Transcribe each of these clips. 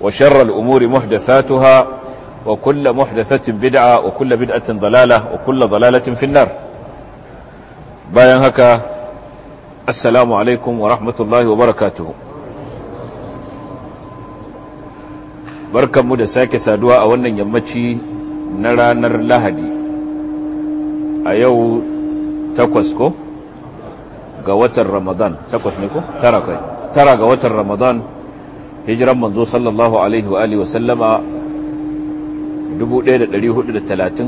وشر الأمور محدثاتها وكل محدثة بدعة وكل بدعة ضلالة وكل ضلالة في النار باين هكا السلام عليكم ورحمة الله وبركاته بركة مدى ساكي سادوا أولا يمتشي نرى نر لهدي أيو تكوسكو ga watan ramadan takwas ne ko tara kai tara ga watan ramadan hijiran manzo sallallahu alaihi wa alihi wasallama 1430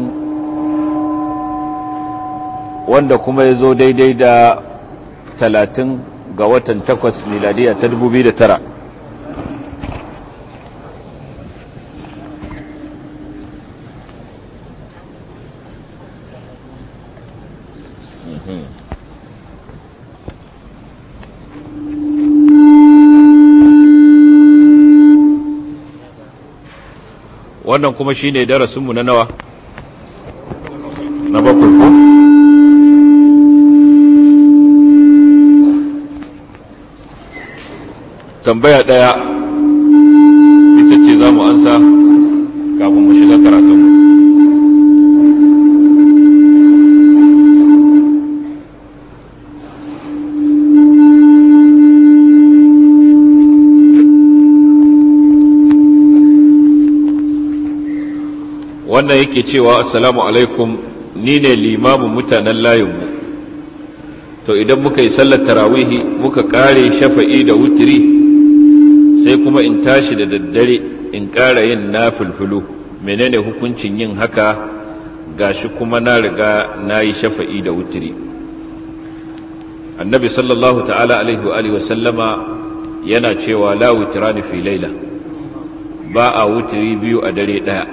wanda kuma ya zo daidai da 30 ga watan 8 miladiya ta 2009 wannan kuma shi ne darasinmu na nawa na bakwai ko tambaya ɗaya ita ce za mu ansa kafin mu shiga karatunmu yake cewa assalamu alaikum ni ne limamin mutanen layinmu to idan muka yi sallar tarawihi muka kare shafa'i da wutiri sai kuma in tashi da daddare in ƙara yin na fulfulu menene hukuncin yin haka ga shi kuma na riga na yi shafa'i da wutiri annabi sallallahu ta'ala alaihi wa sallama yana cewa la wutirani fi laila ba a wutiri biyu a dare ɗaya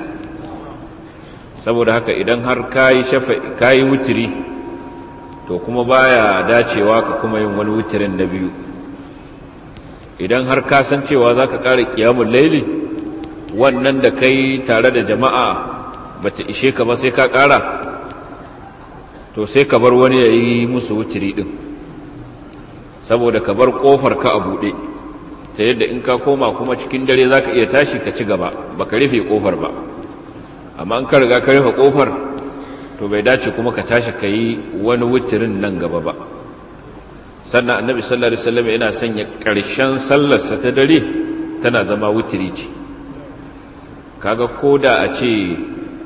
saboda haka idan har kayi yi kayi wutiri to kuma baya dacewa ka kuma yin wani wutirin na biyu idan har ka san cewa za ka ƙara ƙiyamun laili wannan da kai tare da jama'a bata ishe ka ba sai ka ƙara to sai ka bar wani ya yi musu wutiri ɗin saboda ka bar ƙofar ka a buɗe ta yadda in ka koma kuma cikin dare za ka iya tashi ka ci gaba ba ka rufe ƙofar ba amma an ka riga ka rufe kofar to bai dace kuma ka tashi ka yi wani wutirin nan gaba ba sannan annabi sallallahu alaihi wasallam yana sanya ƙarshen sallarsa ta dare tana zama wutiri ce kaga koda a ce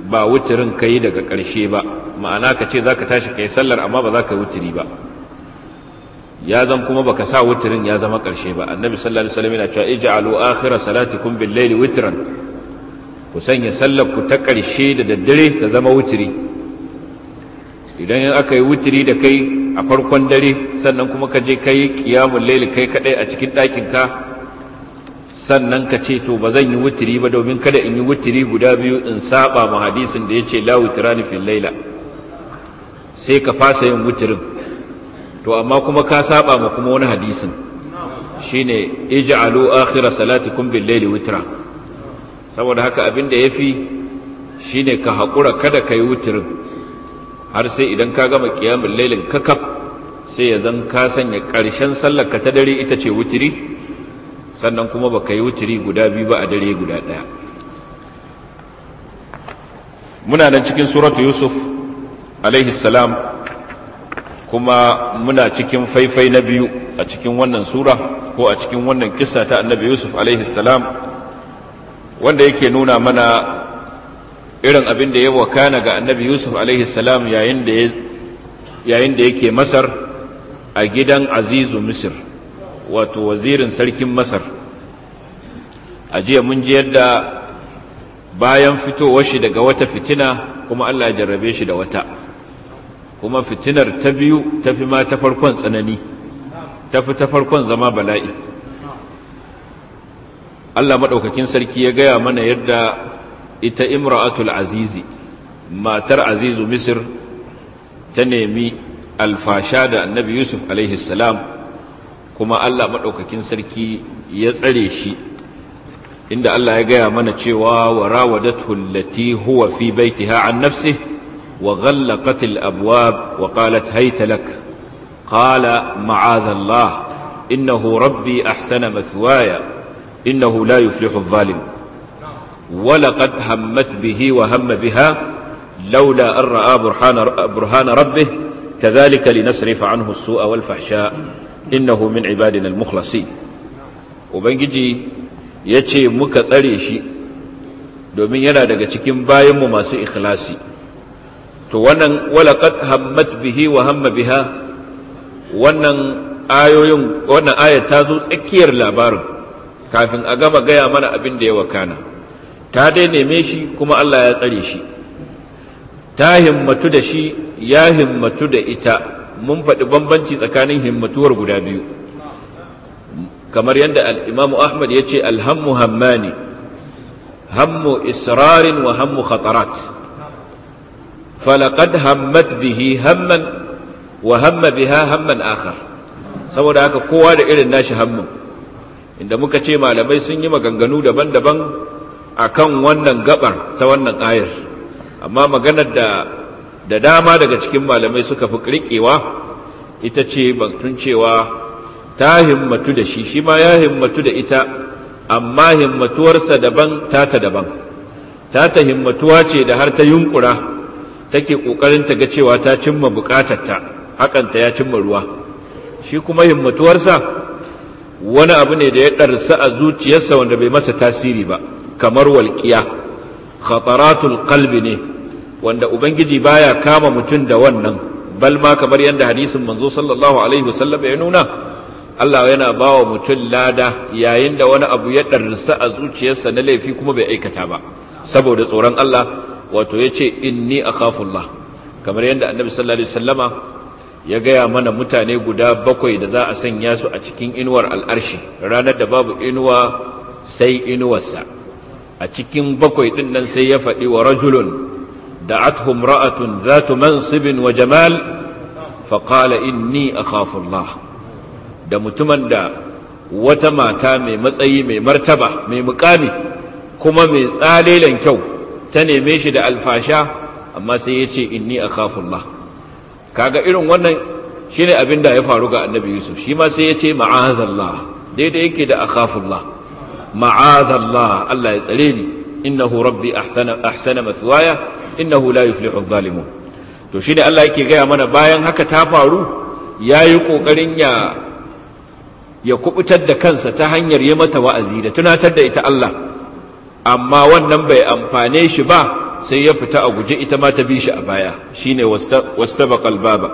ba wutirin kai daga ƙarshe ba ma'ana ka ce zaka tashi kai sallar amma ba za yi wutiri ba ya zan kuma baka sa wutirin ya zama ƙarshe ba annabi sallallahu alaihi wasallam yana cewa ij'alu akhira salatikum bil laili, witran ku sanya sallar ku ta ƙarshe da daddare ta zama wuturi idan aka yi wuturi da kai a farkon dare sannan kuma ka je kai kiyamun laili kai kaɗai a cikin ɗakin ka sannan ka ce to ba zan yi wuturi ba domin kada in yi wuturi guda biyu in saba ma hadisin da ya ce la wutura ni fil laila sai ka fasa yin wuturin to amma kuma ka saba ma kuma wani hadisin shine ij'alu akhira salatikum bil laili wutra saboda haka abin da ya fi shi ne ka haƙura kada ka yi wuturin har sai idan ka gama ƙiyamin lailin kakaf sai ya zan ka sanya ƙarshen sallar ka ta dare ita ce wuturi, sannan kuma ba ka yi wuturi guda biyu ba a dare guda ɗaya muna nan cikin suratu yusuf alaihi salam kuma muna cikin faifai na biyu a cikin wannan sura ko a cikin wannan kissa ta annabi yusuf alaihi salam wanda yake nuna mana irin abin da ya wakana ga annabi yusuf alaihi salam yayin da yake masar a gidan azizu misir wato wazirin sarkin masar a jiya mun ji yadda bayan fitowar shi daga wata fitina kuma allah ya jarrabe shi da wata kuma fitinar ta biyu tafi ma ta farkon tsanani tafi ta farkon zama bala'i Allah maɗaukakin sarki ya gaya mana yadda ita imra'atul azizi matar azizu misir ta nemi alfasha da annabi yusuf salam kuma Allah maɗaukakin sarki ya tsare shi inda Allah ya gaya mana cewa wa rawadatu allati huwa fi baitiha an nafsihi wa ghallaqat abwab wa qalat hayta lak qala ma'adha innahu rabbi ahsana mathwaya innahu la yuflihu zalim ولقد همت به وهم بها لولا أن رأى برهان, برهان ربه كذلك لنصرف عنه السوء والفحشاء إنه من عبادنا المخلصين وبنجي yace muka tsare shi domin yana daga cikin bayanmu masu ikhlasi to wannan walaqad hammat bihi wa hamma biha wannan ayoyin wannan aya ta zo tsakiyar labarin kafin a gama gaya mana abin da ya wakana ta dai neme shi kuma Allah ya tsare shi ta himmatu da shi ya himmatu da ita mun faɗi bambanci tsakanin himmatuwar guda biyu kamar yadda al'imamu ahmad ya ce alhammu hammani hammu israrin wa hammu khatarat falaƙad hammat bihi hamman wa hamma biha hamman akhar saboda haka kowa da irin nashi hammun inda muka ce malamai sun yi maganganu daban-daban a kan wannan gabar ta wannan ayar amma maganar da da dama daga cikin malamai suka fi riƙewa ita ce bantun cewa ta himmatu da shi shi ma ya himmatu da ita amma himmatuwarsa daban tata daban tata himmatuwa ce da har ta yunkura take ƙoƙarin ta ga cewa ta cimma buƙatarta hakanta ya cimma ruwa shi kuma himmatuwarsa wani abu ne da ya ɗarsa a zuciyarsa wanda bai masa tasiri ba kamar walƙiya khataratul qalbi ne wanda ubangiji baya kama mutum da wannan bal ma kamar yadda hadisin manzo sallallahu alaihi wasallam ya nuna Allah yana ba wa mutum lada yayin da wani abu ya ɗarsa a zuciyarsa na laifi kuma bai aikata ba saboda tsoron Allah wato ya ce inni akhafullah kamar yadda annabi sallallahu alaihi wasallama ya gaya mana mutane guda bakwai da za a sanya su a cikin inuwar al'arshi ranar da babu inuwa sai inuwarsa a cikin bakwai ɗin nan sai ya faɗi wa rajulun da athum ra'atun za tu mansibin wa jamal faƙala inni a khafullah da mutumin da wata mata mai matsayi mai martaba mai mukami kuma mai tsalelen kyau ta neme shi da alfasha amma sai ya ce inni a khafullah kaga irin wannan shine abin da ya faru ga annabi yusuf shi ma sai ya ce ma'azallah daidai yake da akhafullah ma'azallah Allah ya tsare ni innahu rabbi ahsana ahsana mathwaya innahu la yuflihu adh-dhalimun to shine Allah yake gaya mana bayan haka ta faru yayi kokarin ya ya kubutar da kansa ta hanyar yi mata wa'azi da tunatar da ita Allah amma wannan bai amfane shi ba sai ya fita a guje ita ma ta bi shi a baya shine wastabaqa albaba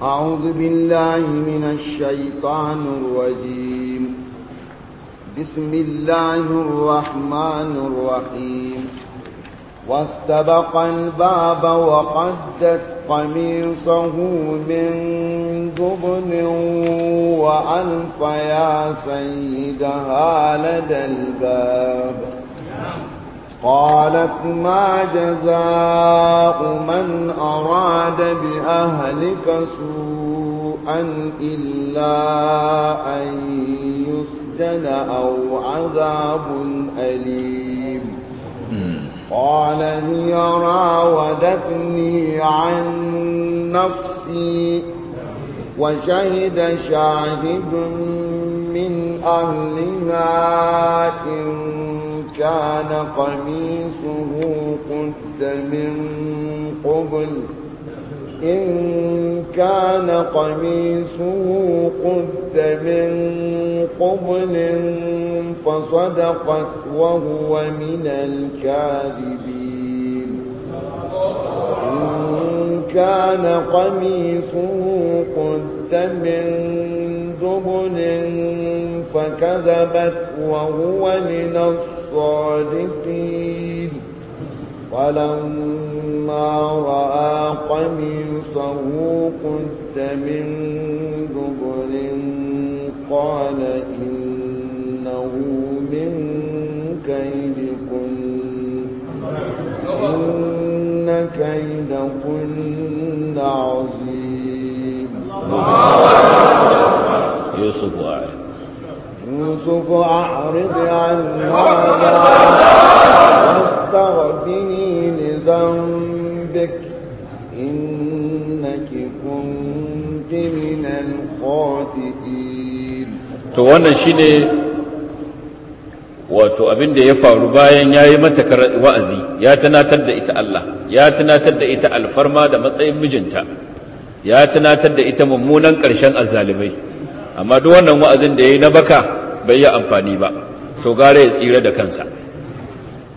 a'udhu billahi minash shaitanir rajim bismillahir rahmanir rahim واستبق الباب وقدت قميصه من جبن وألف يا سيدها لدى الباب قالت ما جزاء من أراد بأهلك سوءا إلا أن يسجن أو عذاب أليم قال هي راودتني عن نفسي وشهد شاهد من أهلها إن كان قميصه قد من قبل إن كان قميصه قد من قبل فصدقت وهو من الكاذبين إن كان قميصه قد من دبل فكذبت وهو من الصدقين الصادقين فلما رأى قميصه قد من دبر قال إنه من كيدكن إن كيدكن عظيم يوسف أعلم يوسف أعرض عن هذا واستغفني لذنبك إنك كنت من الخاطئين توانا wannan wato abin da ya faru bayan ya yi mata wa'azi ya tunatar da ita Allah ya tunatar da ita alfarma da matsayin mijinta ya tunatar da ita mummunan ƙarshen azzalumai amma duk wannan wa'azin da ya yi na baka bai yi amfani ba to gara ya tsira da kansa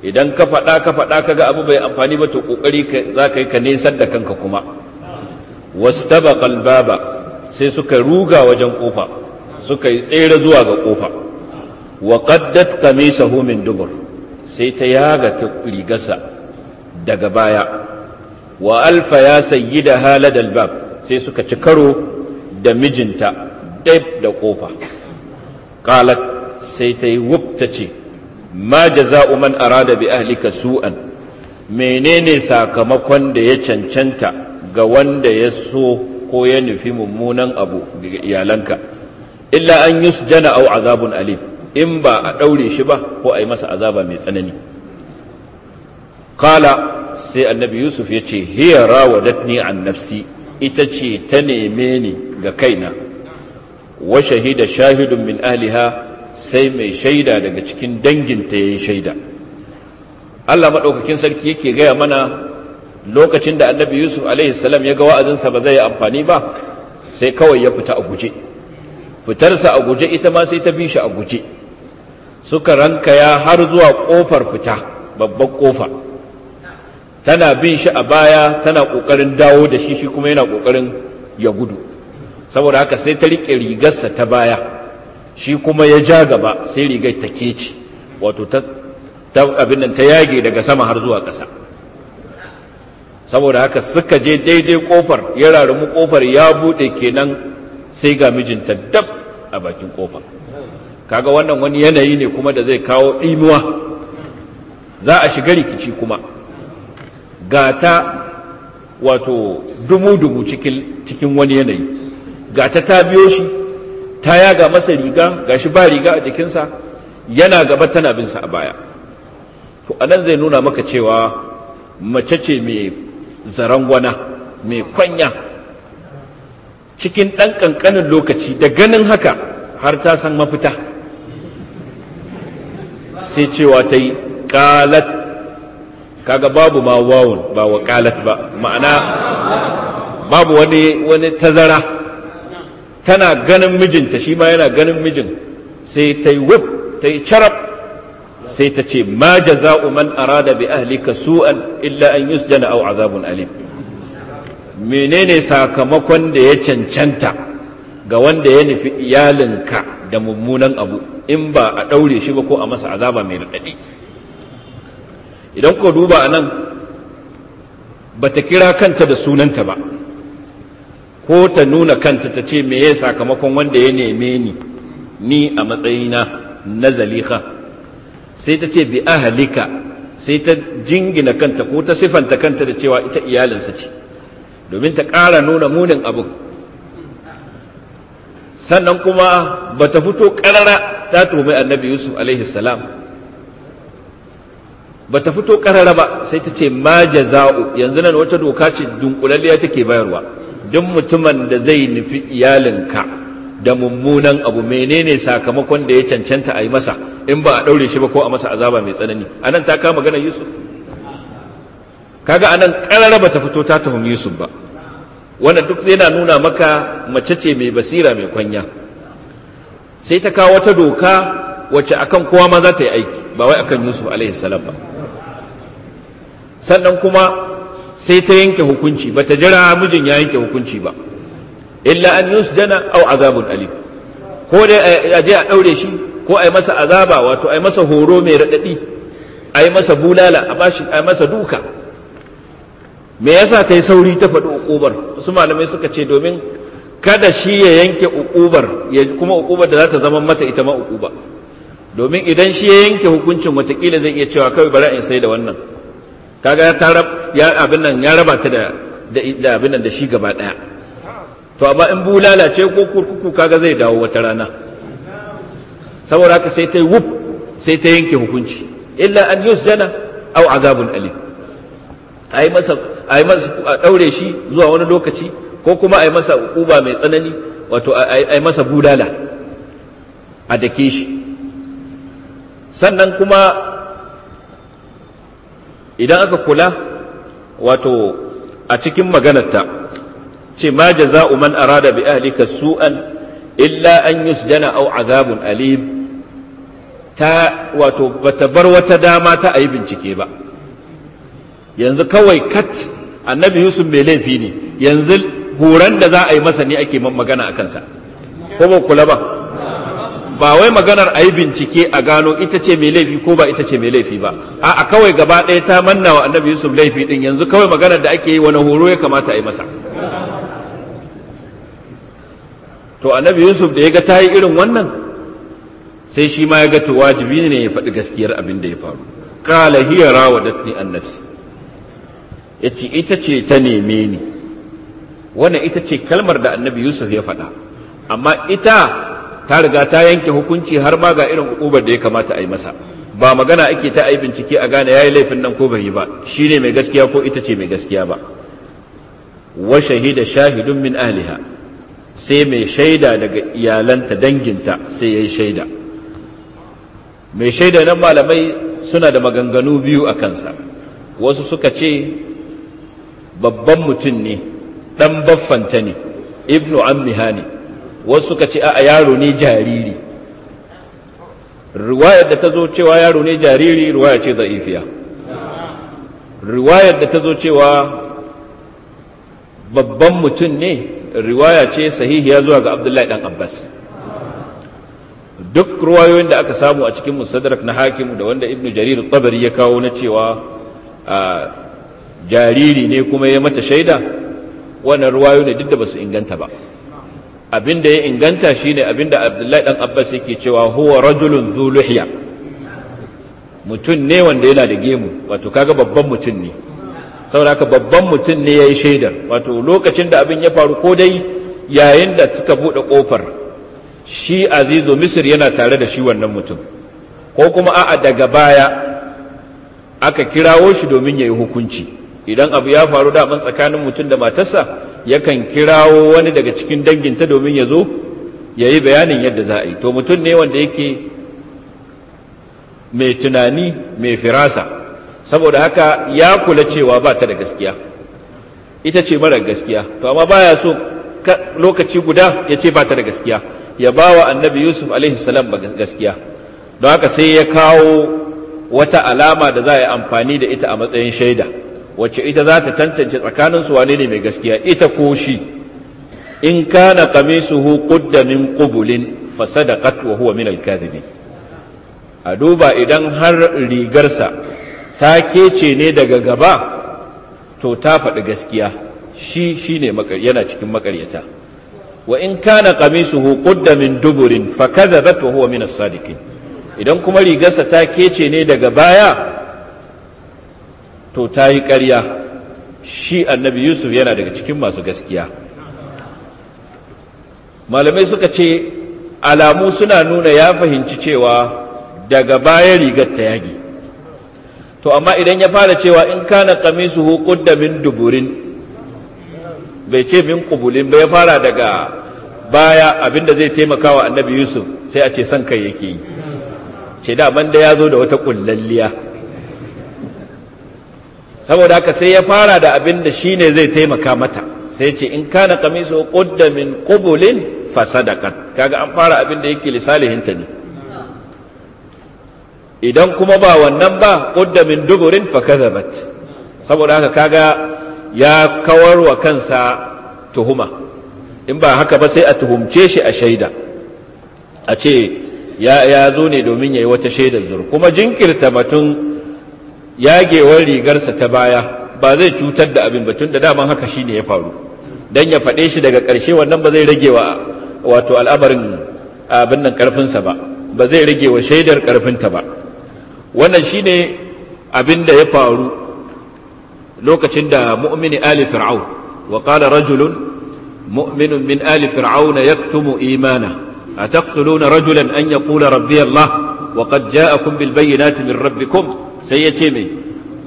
idan ka faɗa ka faɗa ka ga abu bai amfani ba to ƙoƙari za ka yi ka nesar da kanka kuma wasu taba ba sai suka ruga wajen ƙofa suka yi tsere zuwa ga ƙofa wa qaddat qamisahu homin dubur sai ta yaga ta rigarsa daga baya wa alfa ya da haladal bab sai suka ci karo da mijinta dab da ƙofa kala sai ta yi wufta ce ma jaza'u man arada bi ahlika su'an menene sakamakon da ya cancanta ga wanda ya so ko ya nufi mummunan abu ga iyalanka illa an jana au azabun alim in ba a ɗaure shi ba ko a yi masa azaba mai tsanani kala sai annabi yusuf ce hiya rawadatni an nafsi ita ce ta neme ni ga kaina wa shahida shahidun min ahliha sai mai shaida daga cikin danginta yayin shaida Allah madaukakin sarki yake gaya mana lokacin da Annabi Yusuf alaihi salam ya ga wa'azinsa ba zai yi amfani ba sai kawai ya fita a guje fitarsa a guje ita ma sai ta bi shi a guje suka rankaya har zuwa ƙofar fita babban ƙofa tana bin shi a baya tana kokarin dawo da shi shi kuma yana ƙoƙarin ya gudu saboda haka sai ta riƙe rigarsa ta baya shi kuma ya ja gaba sai rigar ta keci wato ta abin ta yage daga sama har zuwa ƙasa saboda haka suka je daidai ƙofar ya rarumu ƙofar ya buɗe kenan sai ga mijinta dab a bakin ƙofar kaga wannan wani yanayi ne kuma da zai kawo ɗimuwa za a shiga rikici kuma gata wato dumu-dumu cikin wani yanayi ga ta ta biyo shi ta yaga masa riga ga shi ba riga a jikinsa yana gaba tana binsa a baya to anan zai nuna maka cewa mace ce mai zarangwana mai kwanya cikin ɗan ƙanƙanin lokaci da ganin haka har ta san mafita sai cewa ta yi ƙalat kaga babu ma wawon ba wa ƙalat ba ma'ana babu wani tazara tana ganin mijinta shi ma yana ganin mijin sai ta yi wuf ta yi carab sai ta ce ma jaza'u man arada bi ahlika su'an illa an yusjana aw azabun alim menene sakamakon da ya cancanta ga wanda ya nufi iyalinka da mummunan abu in ba a ɗaure shi ba ko a masa azaba mai raɗaɗi idan ku duba a nan ba ta kira kanta da sunanta ba ko ta nuna kanta ta ce me ya sakamakon wanda ya neme ni ni a matsayina na zaliha sai ta ce bi ahalika sai ta jingina kanta ko ta siffanta kanta da cewa ita iyalinsa ce domin ta ƙara nuna munin abu sannan kuma ba ta fito ƙarara ta tumi annabi yusuf alaihi salam ba ta fito ƙarara ba sai ta ce ma jaza'u yanzu nan wata doka ce dunkulalliya take bayarwa duk mutumin da zai nufi iyalinka da mummunan abu menene sakamakon da ya cancanta a yi masa in ba a ɗaure shi ba ko a masa azaba mai tsanani anan ta kama magana yusuf kaga anan karara ba ta fito ta tuhumi yusuf ba wannan duk yana nuna maka mace ce mai basira mai kwanya sai ta kawo wata doka wacce akan kowa ma za ta yi aiki ba wai akan yusuf alaihi salam ba sannan kuma sai ta yanke hukunci ba ta jira mijin ya yanke hukunci ba illa an yusjana aw azabun alim ko dai a je a daure shi ko a yi masa azaba wato a yi masa horo mai radadi a yi masa bulala a bashi a yi masa duka me yasa ta yi sauri ta faɗi uƙubar wasu malamai suka ce domin kada shi ya yanke uƙubar ya kuma uƙubar da za ta zama mata ita ma uƙuba domin idan shi ya yanke hukuncin watakila zai iya cewa kawai bara in sai da wannan kaga ya abin nan ya raba ta da da abin nan da shi gaba daya to amma in bu lalace ko kurkuku kaga zai dawo wata rana saboda haka sai ta yi wuf sai ta yanke hukunci illa an yusjana aw azabun alim ai masa ai masa a daure shi zuwa wani lokaci ko kuma a yi masa uba mai tsanani wato ai masa bulala a dake shi sannan kuma idan aka kula wato a cikin maganarta ce ma jaza'u man arada bi ahlika su'an illa an yusjana aw azabun alim ta wato bata bar wata dama ta ayi bincike ba yanzu kawai kat annabi yusuf mai laifi ne yanzu horon da za a yi masa ne ake magana a kansa ko ba kula ba ba wai maganar a yi bincike a gano ita ce mai laifi ko ba ita ce mai laifi ba a kawai gaba ɗaya ta manna wa annabi yusuf laifi ɗin yanzu kawai maganar da ake yi wani horo ya kamata a yi masa to annabi yusuf da ya ga ta yi irin wannan sai shi ma ya ga to wajibi ne ya faɗi gaskiyar abin da ya faru Kala hiya rawadatni an nafsi yace ita ce ta neme ni wannan ita ce kalmar da annabi yusuf ya faɗa amma ita ta riga ta yanke hukunci har ma ga irin ukubar da ya kamata a yi masa ba magana ake ta a yi bincike a gane ya yi laifin nan ko bai yi ba shi ne mai gaskiya ko ita ce mai gaskiya ba wa shahida shahidun min ahliha sai mai shaida daga iyalanta danginta sai ya yi shaida mai shaida nan malamai suna da maganganu biyu a kansa wasu suka ce babban mutum ne ɗan baffanta ne ibnu ammiha ne wasu suka ce a yaro ne jariri riwayar da ta zo cewa yaro ne jariri riwayar ce za'ifiya riwayar da ta zo cewa babban mutum ne riwaya ce sahihiya zuwa ga abdullahi dan abbas duk ruwayoyin da aka samu a cikin musadrak na hakim da wanda ibnu jarir tabari ya kawo na cewa jariri ne kuma ya mata shaida wannan ruwayo ne duk da basu inganta ba Abin da ya inganta shi ne abin da abdullahi dan abbas yake cewa huwa rajulun zu mutum ne wanda yana da gemu wato kaga babban mutum ne saboda babban mutum ne ya yi shaidar wato lokacin da abin ya faru ko dai yayin da suka buɗe ƙofar, shi azizu misir yana tare da shi wannan mutum ko kuma a'a daga baya aka kirawo shi domin ya yi hukunci idan abu ya faru da tsakanin mutum da matarsa yakan kirawo wani daga cikin danginta domin ya zo ya yi bayanin yadda za a yi to mutum ne wanda yake mai tunani mai firasa saboda haka ya kula cewa ba ta da gaskiya ita ce mara gaskiya to amma ba ya so lokaci guda ya ce ba ta da gaskiya ya ba wa annabi yusuf alaihissalam gaskiya don haka sai ya kawo wata alama da za a yi amfani da ita a matsayin shaida wacce ita za ta tantance tsakaninsu wane ne mai gaskiya ita ko shi in kana qamisuhu kudda min qubulin fasadaqat wa huwa min al a duba idan har rigarsa ta kece ne daga gaba to ta faɗi gaskiya shi shine yana cikin makaryata wa in kana qamisuhu qudda min duburin fakadhabat wa huwa min as-sadiqin idan kuma rigarsa ta kece ne daga baya to ta yi ƙarya shi annabi yusuf yana daga cikin masu gaskiya malamai suka ce alamu suna nuna ya fahimci cewa daga baya rigar ta yagi to amma idan ya fara cewa in kana hukun da min duburin bai ce min kubulin ba ya fara daga baya abinda zai taimaka wa annabi yusuf sai a ce son kai yake yi ce da banda ya zo da wata kullalliya saboda haka sai ya fara da abin da shi ne zai taimaka mata sai ce in kana kamisu qudda min qubulin fa sadaqat kaga an fara abin da yake lisalihinta ne idan kuma ba wannan ba ƙuddamin min duburin faka saboda haka kaga ya kawar wa kansa tuhuma in ba haka ba sai a tuhumce shi a shaida a ce ya zo ne domin ya yi wata shaidar zuru kuma jinkirta batun yagewar rigarsa ta baya ba zai cutar da abin batun da daman haka shi ne ya faru don ya faɗe shi daga ƙarshe wannan ba zai rage wa wato al'amarin abin nan ƙarfinsa ba ba zai rage wa shaidar ƙarfinta ba wannan shi ne abin da ya faru lokacin da mu'mini ali fir'au wa qala rajulun mu'minun min ali fir'auna yaktumu imana ataqtuluna rajulan an yaqula rabbi allah wa qad ja'akum bil min rabbikum sai ya ce mai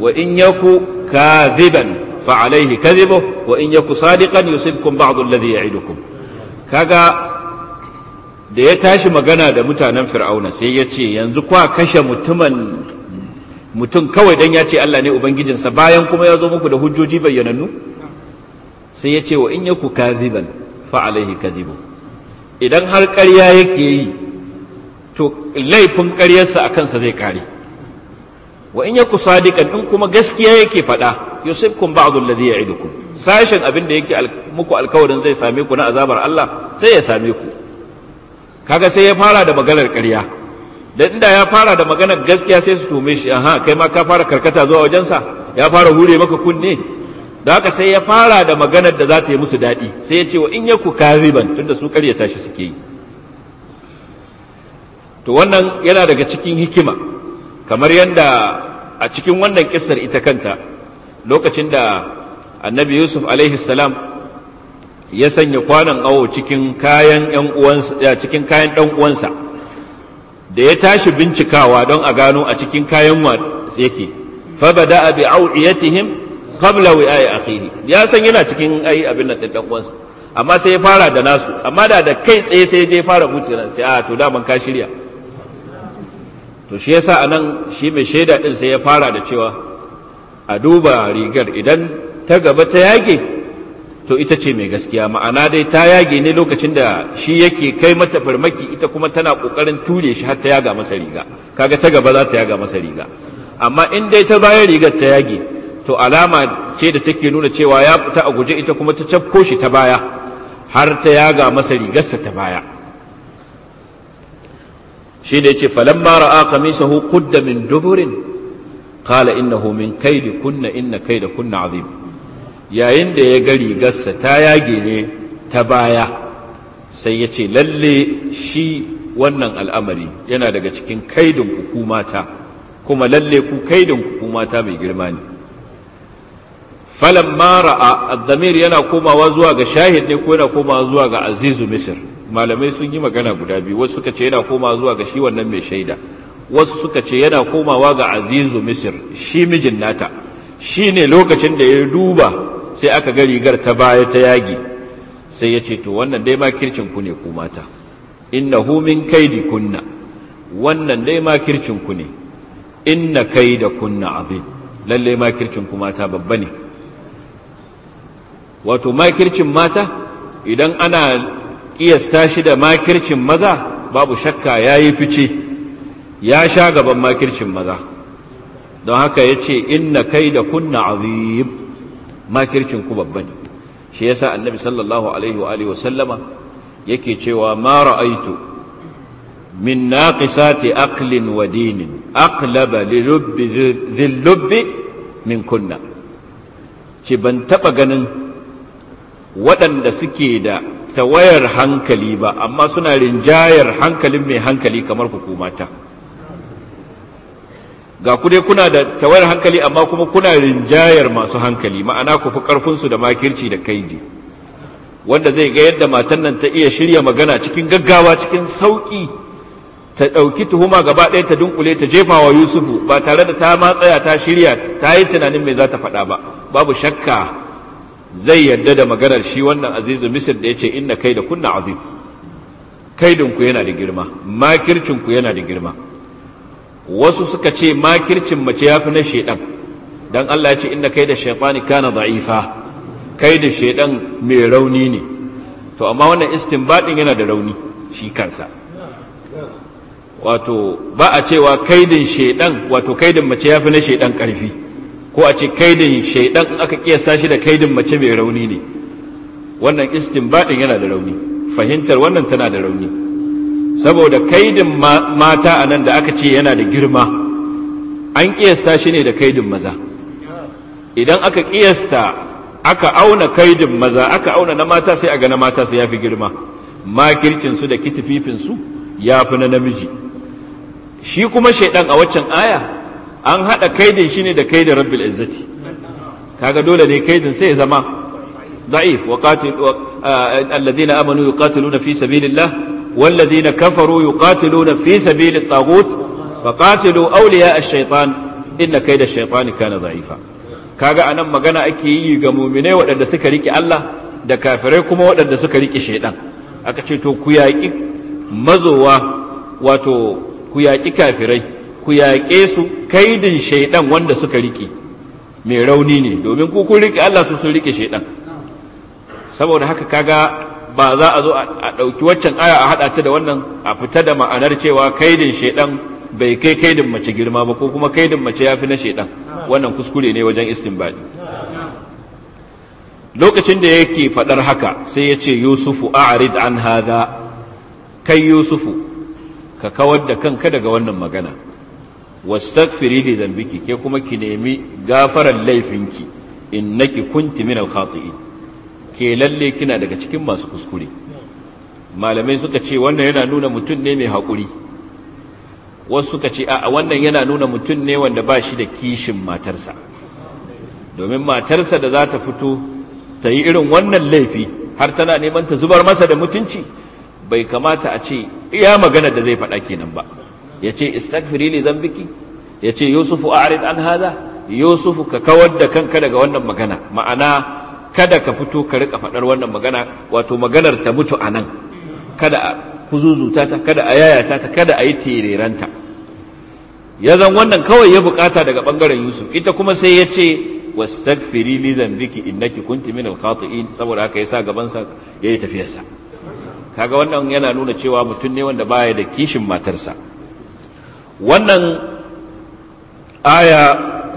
wa in yaku kadhiban fa alaihi kadhibuh wa in yaku sadiqan yusibkum ba'd alladhi ya'idukum kaga da ya tashi magana da mutanen fir'auna sai ya ce yanzu kwa kashe mutumin mutum kawai dan ya ce Allah ne ubangijinsa bayan kuma ya zo muku da hujjoji bayyanannu sai ya ce wa in yaku kaziban fa alaihi kadhibu idan har ƙarya yake yi to laifin ƙaryarsa a kansa zai kare wa in yaku sadiqan in kuma gaskiya yake faɗa yusibkum ba'd alladhi ya'idukum sashen abin da yake muku alkawarin zai same ku na azabar Allah sai ya same ku kaga sai ya fara da maganar ƙarya da inda ya fara da maganar gaskiya sai su tume shi aha kai ma ka fara karkata zuwa wajen sa ya fara hure maka kunne da haka sai ya fara da maganar da za ta yi musu daɗi sai ya ce wa in yaku kaziban tunda su ƙaryata shi suke yi to wannan yana daga cikin hikima kamar yadda a cikin wannan kissar ita kanta lokacin da annabi yusuf alaihi salam ya sanya kwanan awo cikin kayan cikin kayan uwansa da ya tashi bincikawa don a gano a cikin kayan wa yake fa bada bi au'iyatihim qabla wi'ai akhihi ya san yana cikin ai abin da dan uwansa amma sai ya fara da nasu amma da da kai tsaye sai je fara ce a ah, to da man ka shirya to shi yasa anan shi mai shaida din sai ya fara da cewa a duba rigar idan ta gaba ta yage to ita ce mai gaskiya ma'ana dai ta yage ne lokacin da shi yake kai mata farmaki ita kuma tana kokarin ture shi har ta yaga masa riga kaga ta gaba za ta yaga masa riga amma in dai ta bayan rigar ta yage to alama ce da take nuna cewa ya fita a guje ita kuma ta cafko shi ta baya har ta yaga masa rigarsa ta baya shi ya ce falamma ra'a qamisahu qudda min duburin qala innahu min kaidi kunna inna kaida kunna azim yayin da ya ga rigarsa ta yage ne ta baya sai ya ce lalle shi wannan al'amari yana daga cikin kaidin hukumata kuma lalle ku kaidin ku mai girma ne falamma ra'a ad-damir yana komawa zuwa ga shahid ne ko yana komawa zuwa ga azizu misr malamai sun yi magana guda biyu wasu suka ce yana koma zuwa ga shi wannan mai shaida wasu suka ce yana komawa ga azizu misir shi mijin nata shi ne lokacin da ya duba sai aka ga rigar ta baya ta yagi sai ya ce to wannan dai ma kircin ku ne ku mata hu min kaidi kunna wannan dai ma kircin ku ne inna kaida kunna azim lalle ma kircin ku mata babba ne wato ma kircin mata idan ana ƙiyasta shi da makircin maza babu shakka ya yi fice ya sha gaban makircin maza don haka ya ce inna kai da kunna azim makircin ku babba shi yasa annabi sallallahu alaihi wa alihi wasallama yake cewa ma ra'aitu min naqisati aqlin wa dinin aqlaba lilubbi min kunna ce ban taba ganin waɗanda suke da tawayar hankali ba amma suna rinjayar hankalin mai hankali kamar hukumata ga ku dai kuna da tawayar hankali amma kuma kuna rinjayar masu hankali ma'ana ku fi karfinsu da makirci da kaidi wanda zai ga yadda matan nan ta iya shirya magana cikin gaggawa cikin sauƙi ta ɗauki tuhuma gaba ɗaya ta dunkule ta jefa wa yusufu ba tare da ta matsaya ta shirya ta yi tunanin me za ta faɗa ba babu shakka zai yarda da maganar shi wannan azizu misir da ya ce inna kai da kunna azim kaidinku yana da girma makircinku yana da girma wasu suka ce makircin mace ya fi na shaidan don Allah ya ce inna kai da shaifani kana da'ifa kai da shaidan mai rauni ne to amma wannan istinbadin yana da rauni shi kansa wato ba a cewa kaidin shaidan wato kaidin mace ya fi na shaidan karfi ko a ce kaidin shaidan in aka kiyasta shi da kaidin mace mai rauni ne wannan istinbadin yana da rauni fahimtar wannan tana da rauni saboda kaidin mata a nan da aka ce yana da girma an kiyasta shi ne da kaidin maza idan aka kiyasta aka auna kaidin maza aka auna na mata sai a ga na mata su fi girma makircinsu da kitififinsu ya fi na namiji shi kuma shaidan a waccan aya an haɗa kaidin shi ne da kaidin rabbil izzati kaga dole ne kaidin sai ya zama ضعيف وقاتل الذين امنوا يقاتلون في سبيل الله والذين كفروا يقاتلون في سبيل الطاغوت فقاتلوا اولياء الشيطان ان كيد الشيطان كان ضعيفا kaga anan magana ake yi ga muminai waɗanda suka riƙe Allah da kafirai kuma waɗanda suka riƙe shaidan aka ce to ku yaƙi mazowa wato ku yaƙi kafirai ku yaƙe su kaidin shaiɗan wanda suka rike mai rauni ne domin ku kun rike Allah su sun rike shaiɗan. saboda haka kaga ba za a zo a ɗauki waccan aya a haɗa ta da wannan a fita da ma'anar cewa kaidin shaiɗan bai kai kaidin mace girma ba ko kuma kaidin mace ya fi na shaiɗan. wannan kuskure ne wajen istinbadi lokacin da yake faɗar haka sai ya ce yusufu a'rid an haza, kai yusufu ka kawar da kanka daga wannan magana wastaghfiri li dhanbiki ke kuma ki nemi gafaran laifinki innaki kunti al khati'in ke lalle kina daga cikin masu kuskure malamai suka ce wannan yana nuna mutum ne mai haƙuri wasu suka ce a wannan yana nuna mutum ne wanda ba shi da kishin matarsa domin matarsa da za ta fito ta yi irin wannan laifi har tana neman ta zubar masa da mutunci bai kamata a ce iya magana da zai faɗa kenan ba ya ce istaghfiri li zambiki ya ce yusufu a'rid an hada yusufu ka kawar da kanka daga wannan magana ma'ana kada ka fito ka rika faɗar wannan magana wato maganar ta mutu a nan kada a kuzuzuta ta kada a yayata ta kada a yi tereranta ya zan wannan kawai ya bukata daga bangaren yusuf ita kuma sai ya ce zan li in innaki kunti min al saboda haka yasa gabansa sa yayi tafiyarsa kaga wannan yana nuna cewa mutum ne wanda baya da kishin matarsa wannan aya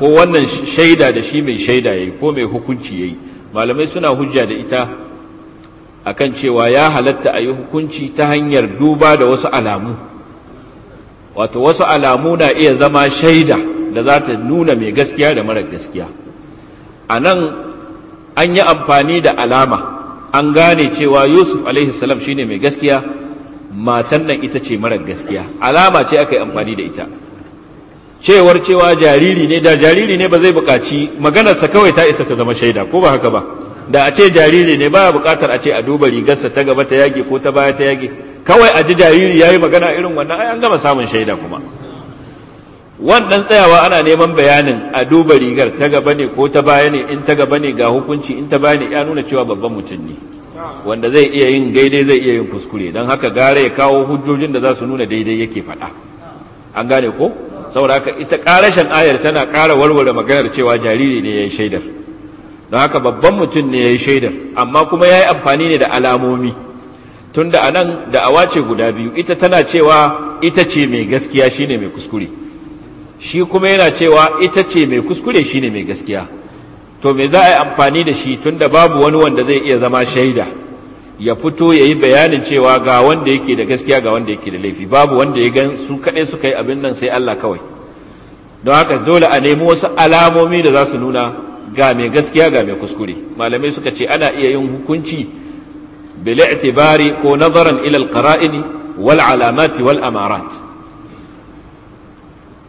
ko wannan shaida da shi mai shaida yayi ko mai hukunci yayi malamai suna hujja da ita akan cewa ya halatta a yi hukunci ta hanyar duba da wasu alamu wato wasu alamu na iya zama shaida da za ta nuna mai gaskiya da marar gaskiya a nan an yi amfani da alama an gane cewa yusuf alaihi salam shine mai gaskiya matan nan ita ce marar gaskiya alama ce aka yi amfani da ita cewar cewa jariri ne da jariri ne ba zai bukaci maganarsa kawai ta isa ta zama shaida ko ba haka ba da a ce jariri ne ba bukatar a ce a duba rigarsa ta gaba ta yage ko ta baya ta yage kawai a ji jariri ya yi magana irin wannan ai an gama samun shaida kuma wannan tsayawa ana neman bayanin a duba rigar ta gaba ne ko ta baya ne in ta gaba ne ga hukunci in ta baya ne ya nuna cewa babban mutum ne wanda zai iya yin gaidai zai iya yin kuskure don haka gare ya kawo hujjojin da za su nuna daidai yake faɗa an gane ko saboda haka ita ƙarashin ayar tana ƙara warware maganar cewa jariri ne ya yi shaidar don haka babban mutum ne ya yi shaidar amma kuma ya yi amfani ne da alamomi tun da anan da awa ce guda biyu ita tana cewa ita ce mai gaskiya shine mai kuskure shi kuma yana cewa ita ce mai kuskure shine mai gaskiya to me za a yi amfani da shi tunda babu wani wanda zai iya zama shaida ya fito ya yi bayanin cewa ga wanda yake da gaskiya ga wanda yake da laifi babu wanda ya gan su kaɗai suka yi abin nan sai Allah kawai don haka dole a nemi wasu alamomi da za su nuna ga mai gaskiya ga mai kuskure malamai suka ce ana iya yin hukunci bil i'tibari ko nazaran ila al-qara'in wal alamati wal amarat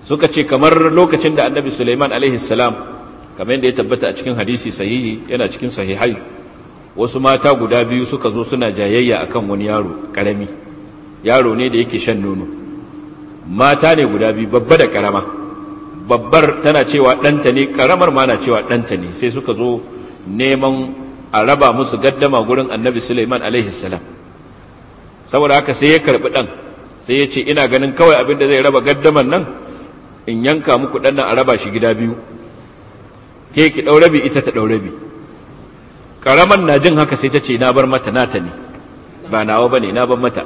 suka ce kamar lokacin da annabi Sulaiman alaihi salam kamar yadda ya tabbata a cikin hadisi sahihi yana cikin sahihai wasu mata guda biyu suka zo suna jayayya akan wani yaro karami yaro ne da yake shan nono mata ne guda biyu babba da karama babbar tana cewa ɗanta ne karamar ma na cewa ɗanta ne sai suka zo neman a raba musu gaddama gurin annabi suleiman alaihi salam saboda haka sai ya karɓi ɗan sai ya ce ina ganin kawai abin da zai raba gaddaman nan in yanka muku ɗannan nan a raba shi gida biyu ke ki ɗau ita ta ɗau rabi ƙaraman na jin haka sai ta ce na bar mata nata ne ba nawa ba ne na bar mata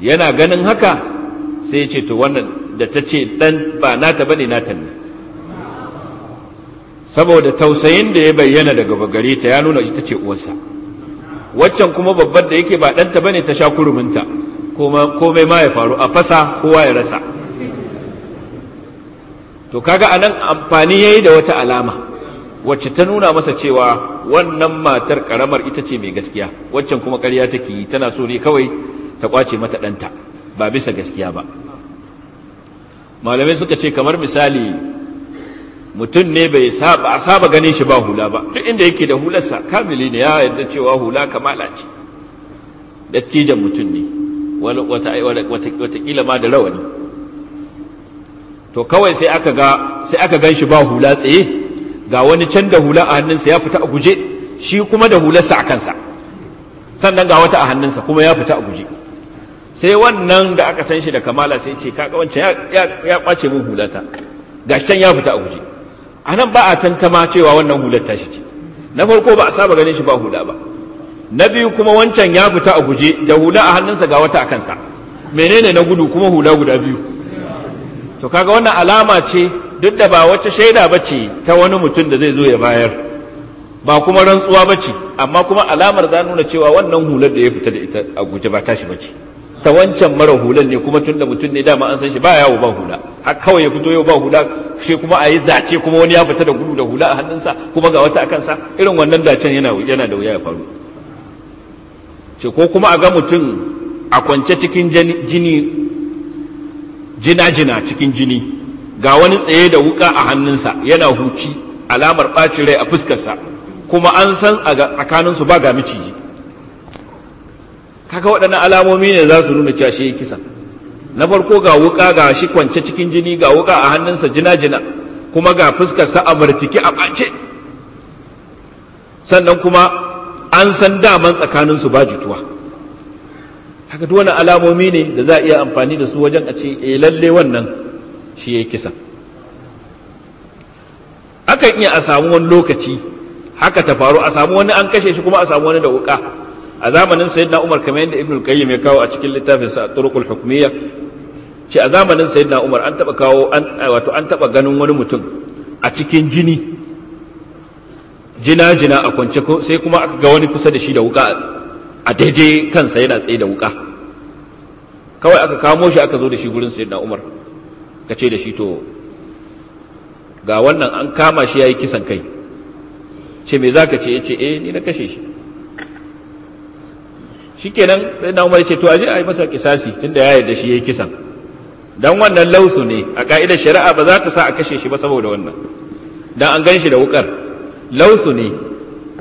yana ganin haka sai ya ce to wannan da ta ce ɗan ba nata ba ne nata ne saboda tausayin da ya bayyana daga bagare ta ya nuna ita ce uwarsa waccan kuma babbar da yake ba ɗanta ba ne ta sha kuruminta komai ma ya faru a fasa kowa ya rasa to kaga anan amfani yayi da wata alama wacce ta nuna masa cewa wannan matar karamar ita ce mai gaskiya waccan kuma ƙarya take yi tana so ne kawai ta kwace mata ɗanta ba bisa gaskiya ba malamai suka ce kamar misali mutum ne bai saba saba ganin shi ba hula ba duk inda yake da hularsa kamili ne ya yarda cewa hula kamala ce dattijan mutum ne wataƙila ma da rawani to kawai sai aka ga sai aka gan shi ba hula tsaye ga wani can da hula a hannunsa ya fita a guje shi kuma da hularsa a kansa sannan ga wata a hannunsa kuma ya fita a guje sai wannan da aka san shi da kamala sai ce kaga wancan ya kwace min hulata shi can ya fita a guje a nan ba a tantama cewa wannan hular shi ce na farko ba a saba ganin shi ba hula ba na biyu kuma wancan ya fita a guje da hula a hannunsa ga wata a kansa menene na gudu kuma hula guda biyu to kaga wannan alama ce duk da ba wata shaida bace ta wani mutum da zai zo ya bayar ba kuma rantsuwa bace amma kuma alamar za nuna cewa wannan hular da ya fita da ita a guje ba tashi bace ta wancan mara hular ne kuma tunda mutum ne dama an san shi ba yawo ba hula har kawai ya fito yau ba hula shi kuma a yi dace kuma wani ya fita da gudu da hula a hannunsa kuma ga wata a kansa irin wannan dacen yana yana da wuya ya faru ko kuma a ga mutum a kwance cikin jini jina-jina cikin jini ga wani tsaye da wuka a hannunsa yana huci alamar ɓacin rai a fuskarsa kuma an san a tsakaninsu ba ga miciji kaka waɗannan alamomi ne za su nuna cewa shi kisa na farko ga wuka ga shi kwance cikin jini ga wuka a hannunsa jina-jina kuma ga fuskarsa a martiki a ɓace sannan kuma an san daman tsakaninsu ba jituwa haka duk wannan alamomi ne da za a iya amfani da su wajen a ce eh lalle wannan shi yi kisa akan iya a samu wani lokaci haka ta faru a samu wani an kashe shi kuma a samu wani da wuka a zamanin sayyidina Umar kamar yadda Ibn Qayyim ya kawo a cikin littafin sa Turuqul Hukmiyya ce a zamanin sayyidina Umar an taba kawo an wato an taba ganin wani mutum a cikin jini jina jina a kwance sai kuma aka ga wani kusa da shi da wuka a daidai kansa yana tsaye da wuka kawai aka kamo shi aka zo da shi gurin na umar ka ce da shi to ga wannan an kama shi ya yi kisan kai ce me za ka ce ya ce eh ni na kashe shi shi kenan na umar ce to aje a yi masa kisasi tunda ya yarda shi ya yi kisan dan wannan lausu ne a ka'idar shari'a ba za ta sa a kashe shi ba saboda wannan dan an gan shi da wukar lausu ne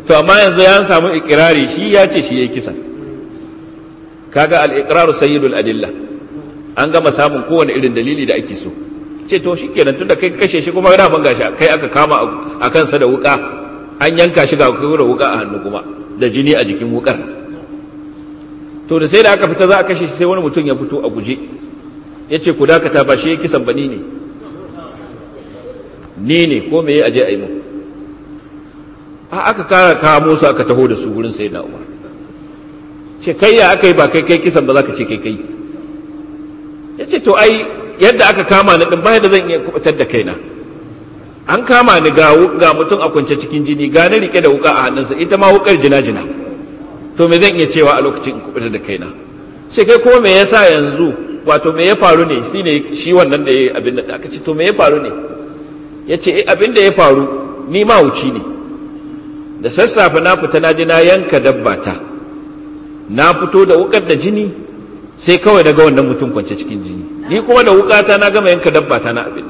to amma yanzu ya samu ikirari shi ya ce shi yayi kisa kaga al sayidul adilla an gama samun kowane irin dalili da ake so ce to shi kenan tunda kai kashe shi kuma yana banga shi kai aka kama a kansa da wuka an yanka shi ga kai da wuka a hannu kuma da jini a jikin wukar to da sai da aka fita za a kashe shi sai wani mutum ya fito a guje ya ce ku dakata ba shi ya kisan ni ne ni ne ko me ya aje a yi mu aka kara kamo su aka taho da su wurin sai na umar ce kai ya aka yi ba kai kai kisan ba za ka ce kai kai ya ce to ai yadda aka kama ni din ba yadda zan iya kubutar da kaina an kama ni ga ga mutum a kwance cikin jini ga ni rike da wuka a hannunsa ita ma wukar jina jina to me zan iya cewa a lokacin in kubutar da kaina ce kai ko me yasa yanzu wato me ya faru ne shine shi wannan da yayi abin da aka ce to me ya faru ne ya ce eh, abin da ya faru ni ma wuci ne da sassafe na fita na ji na yanka dabba ta na fito da wukar da jini sai kawai daga wannan mutum kwance cikin jini ni kuma da wukata na gama yanka dabba ta na abin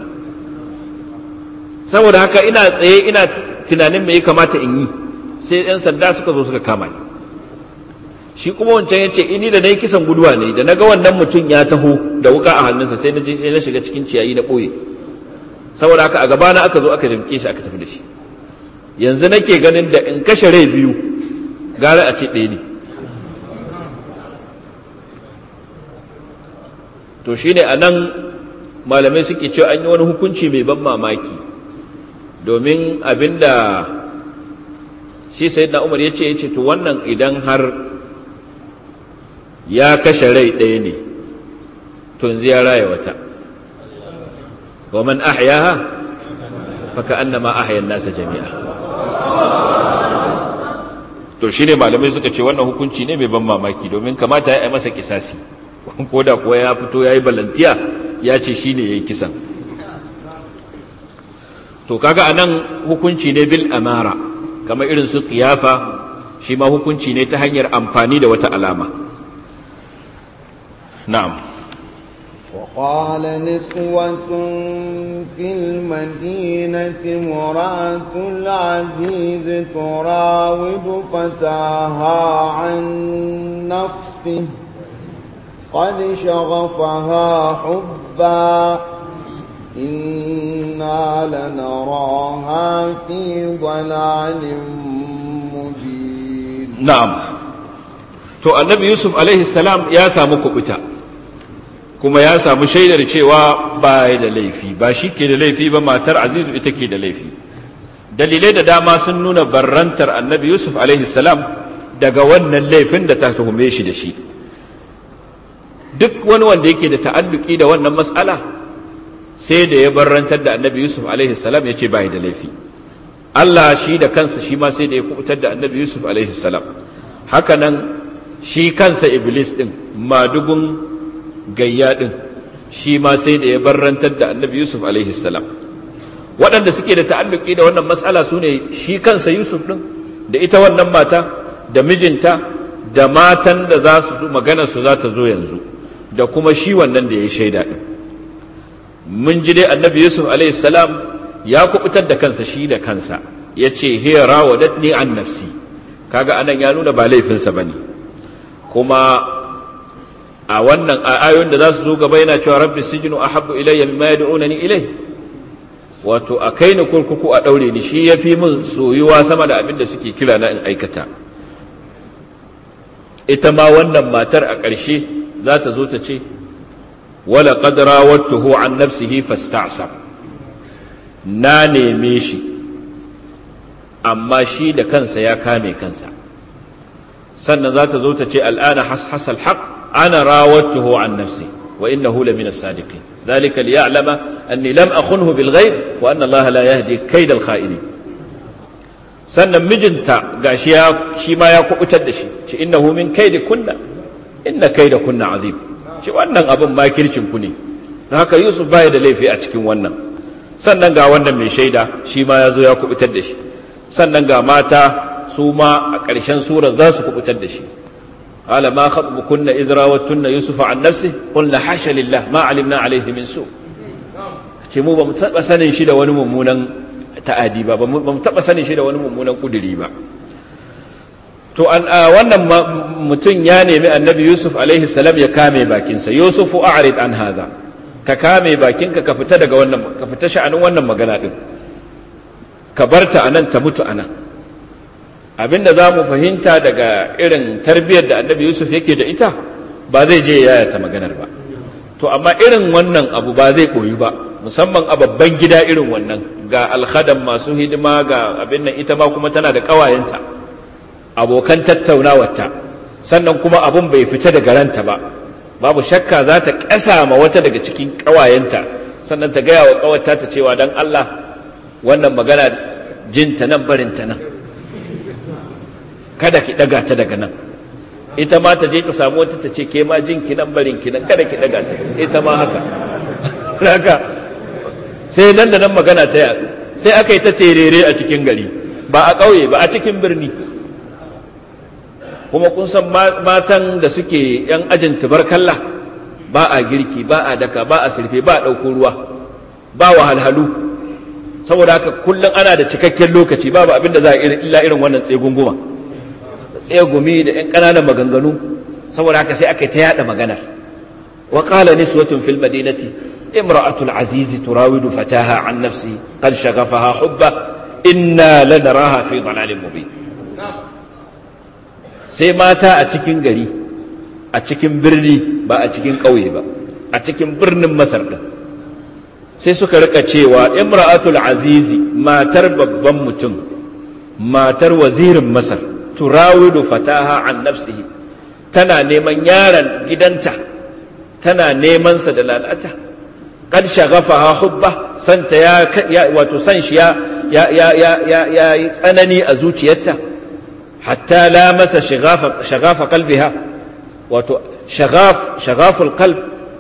saboda haka ina tsaye ina tunanin me kamata in yi sai yan sanda suka zo suka kama ni shi kuma wancan ya ce ini eh, da na yi kisan guduwa ne da na ga wannan mutum ya taho da wuka a hannunsa sai na shiga cikin ciyayi na ɓoye saboda haka a gabana aka zo aka jamke shi aka tafi da shi yanzu nake ganin da in kashe rai biyu gara a ce ɗaya ne to ne a nan malamai suke cewa an yi wani hukunci mai ban mamaki domin abinda shi sai na umar ya ce ya ce to wannan idan har ya kashe rai ɗaya ne to ya raya wata ومن man ahyaha faka annama جميعا nasa jami'a to shi ne malamai suka ce wannan hukunci ne mai ban mamaki domin kamata ya yi masa kisasi ko da kuwa ya fito ya yi balantiya ya ce shi ne ya yi kisan to kaga anan hukunci ne bil amara kamar irin su kiyafa shi ma hukunci ne ta hanyar amfani da wata alama na'am قال نسوة في المدينة امرأة العزيز تراود فتاها عن نفسه قد شغفها حبا إنا لنراها في ضلال مبين نعم تو النبي يوسف عليه السلام يا سامو كبتا kuma ya samu shaidar cewa ba da laifi ba shi ke da laifi ba matar azizu ita ke da laifi dalilai da dama sun nuna barrantar annabi yusuf salam daga wannan laifin da ta tuhume shi da shi duk wani wanda yake da ta'alluki da wannan matsala sai da ya barrantar da annabi yusuf salam ya ce ba da laifi allah shi da kansa shi ma sai da ya kubutar da annabi yusuf alaihi salam haka nan shi kansa iblis din madugun gayya ɗin shi ma sai da ya barrantar da annabi yusuf alaihi salam waɗanda suke da ta'alluki da wannan matsala su ne shi kansa yusuf ɗin da ita wannan mata da mijinta da matan da za su magana su za ta zo yanzu da kuma shi wannan da ya yi shaida ɗin. mun ji dai annabi yusuf alaihi salam ya kubutar da kansa shi da kansa ya ce hiya ni an nafsi kaga anan ya nuna ba laifinsa bane kuma a wannan ayoyin da za su zo gaba yana cewa rabbi sijinu ahabbu ilayya mimma yad'unani ilai wato a kai ni kurkuku a daure ni shi fi min soyuwa sama da abin da suke kira na in aikata ita ma wannan matar a ƙarshe za ta zo ta ce wala qad rawattuhu an nafsihi fasta'sam na neme shi amma shi da kansa ya kame kansa sannan za ta zo ta ce al'ana hashasal haqq ana rawattuhu an nafsi wa innahu la min as-sadiqin dhalika liya'lama anni lam akhunhu bil ghaib wa anna Allah la yahdi kayd al sannan mijinta gashi ya ya kubutar da shi ce innahu min kayd kunna inna kayd kunna azim ce wannan abin makircin ku ne haka Yusuf baya da laifi a cikin wannan sannan ga wannan mai shaida shi ma ya zo ya kubutar da shi sannan ga mata su ma a ƙarshen sura za su kubutar da shi قال ما خطبكن إذ راوتن يوسف عن نفسه قلنا حاشا لله ما علمنا عليه من سوء ce mu ba mu taɓa sanin shi da wani mummunan ta'adi ba ba mu taɓa sanin shi da wani mummunan ƙuduri ba to wannan mutum ya nemi annabi yusuf alaihi salam ya kame bakinsa yusufu a'rid an hadha ka kame bakinka ka fita daga wannan ka fita sha'anin wannan magana ɗin ka barta nan ta mutu nan. abinda za mu fahimta daga irin tarbiyyar da annabi yusuf yake da ita ba zai je yaya ta maganar ba to amma irin wannan abu ba zai koyi ba musamman a babban gida irin wannan ga alhadan masu hidima ga abin nan ita ma kuma tana da kawayenta abokan tattaunawarta sannan kuma abin bai fita da garanta ba babu shakka za ta ƙasa ma wata daga cikin ƙawayenta sannan ta gaya wa ƙawarta ta cewa don allah wannan magana jinta nan barinta nan kada ki daga ta daga nan ita ma ta je ta samu wata ta ce ke ma jin nan barin nan. kada ki daga ta ita ma haka haka sai nan da nan magana ta yadu sai aka yi ta terere a cikin gari ba a ƙauye ba a cikin birni kuma kun san matan da suke yan ajin tubarkalla ba a girki ba a daka ba a sirfe ba a ɗauko ruwa ba wahalhalu saboda haka kullum ana da cikakken lokaci ba abin da za a illa irin wannan tsegunguma tsegumi da ‘yan ƙananan maganganu saboda haka sai aka ta yaɗa maganar wa ƙala niswatun fil madinati imra'atul azizi turawidu fataha an nafsi qad shagafaha hubba inna lanaraha fi dalalin mubin sai mata a cikin gari a cikin birni ba a cikin ƙauye ba a cikin birnin masar ɗin sai suka rika cewa imra'atul matar babban mutum matar wazirin masar turawidu fataha an nafsihi tana neman yaron gidanta tana nemansa da lalata qad shaghafaha hubba santa ya wato san shi ya ya ya ya yi tsanani a zuciyarta hatta la masa shaghafa shaghafa qalbiha wato shaghaf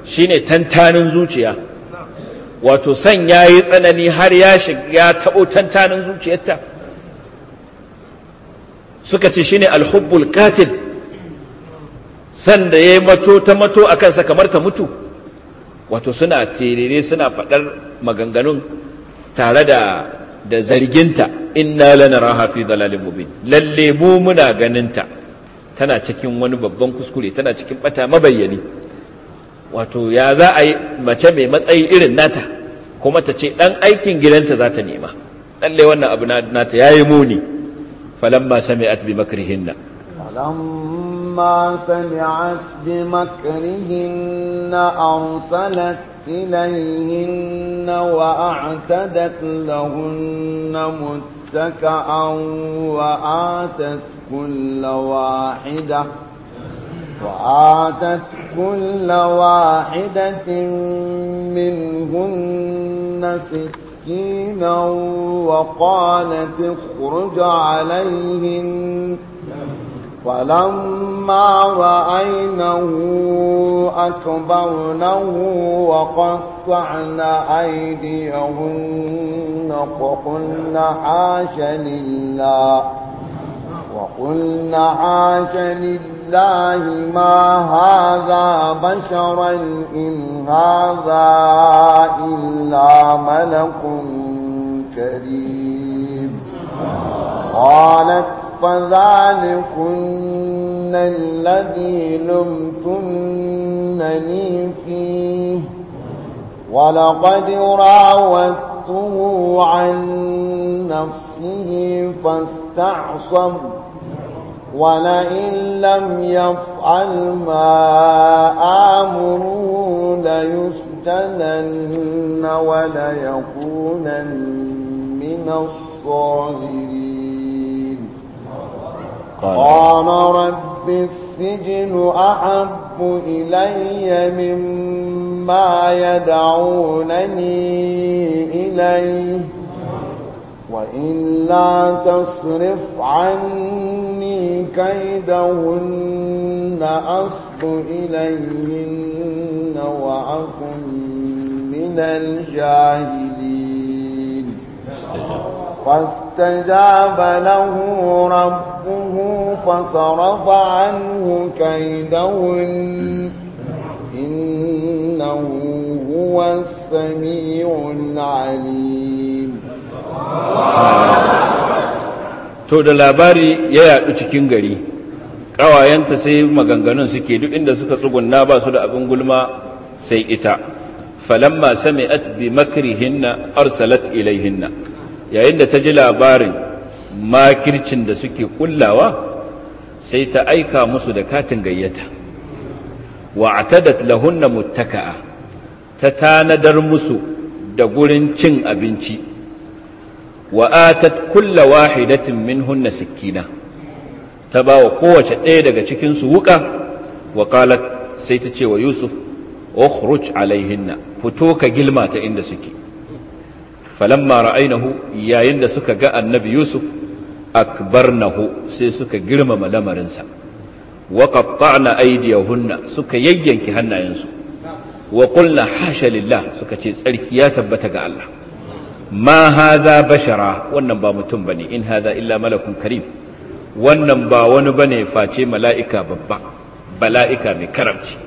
shine tantanin zuciya wato san yayi tsanani har ya shiga ya tabo tantanin zuciyarta suka ce shine alhubbul katil sanda ya mato ta mato a kansa kamar ta mutu wato suna terere suna faɗar maganganun tare da da zarginta inna lanaraha fi dalalin mubin lalle mu muna ganinta tana cikin wani babban kuskure tana cikin bata mabayyani wato ya za a yi mace mai matsayi irin nata kuma ta ce ɗan aikin gidanta za ta nema lalle wannan abu nata ya yi muni فلما سمعت بمكرهن فلما سمعت بمكرهن أرسلت إليهن وأعتدت لهن متكأا وآتت كل واحدة وآتت كل واحدة منهن ست مسكينا وقالت اخرج عليهن فلما رأينه أكبرنه وقطعن أيديهن وقلن حاش لله قلنا عاش لله ما هذا بشرا إن هذا إلا ملك كريم قالت فذلكن الذي لمتنني فيه ولقد راودته عن نفسه فاستعصم ولئن لم يفعل ما آمره ليسجنن وليكونن من الصاغرين قال رب السجن أحب إلي مما يدعونني إليه وإلا تصرف عني كيدهن أصب إليهن وأكن من الجاهلين فاستجاب له ربه فصرف عنه كيدهن إنه هو السميع العليم to da labari ya yadu cikin gari ƙawayenta sai maganganun suke duk inda suka tsugunna ba su da abin gulma sai ita falamma sami'at bi makrihinna arsalat hinna yayin da ta ji labarin makircin da suke kullawa sai ta aika musu da katin gayyata wa atadat lahunna muttaka'a ta tanadar musu da gurin cin abinci wa'atat atat kulla wahidatin hunna sikkina ta ba wa kowace ɗaya daga cikin su wuka wa sai ta ce wa yusuf ukhruj alaihinna fito ka gilma ta inda suke falamma ra'ainahu yayin da suka ga annabi yusuf akbarnahu sai suka girmama lamarinsa wa qatta'na aydiyahunna suka yayyanke hannayensu wa qulna hasha lillah suka ce tsarki ya tabbata ga Allah ma haza bashara wannan ba mutum ne, in haza illa malakun karim wannan ba wani ne face mala'ika babba bala'ika mai karamci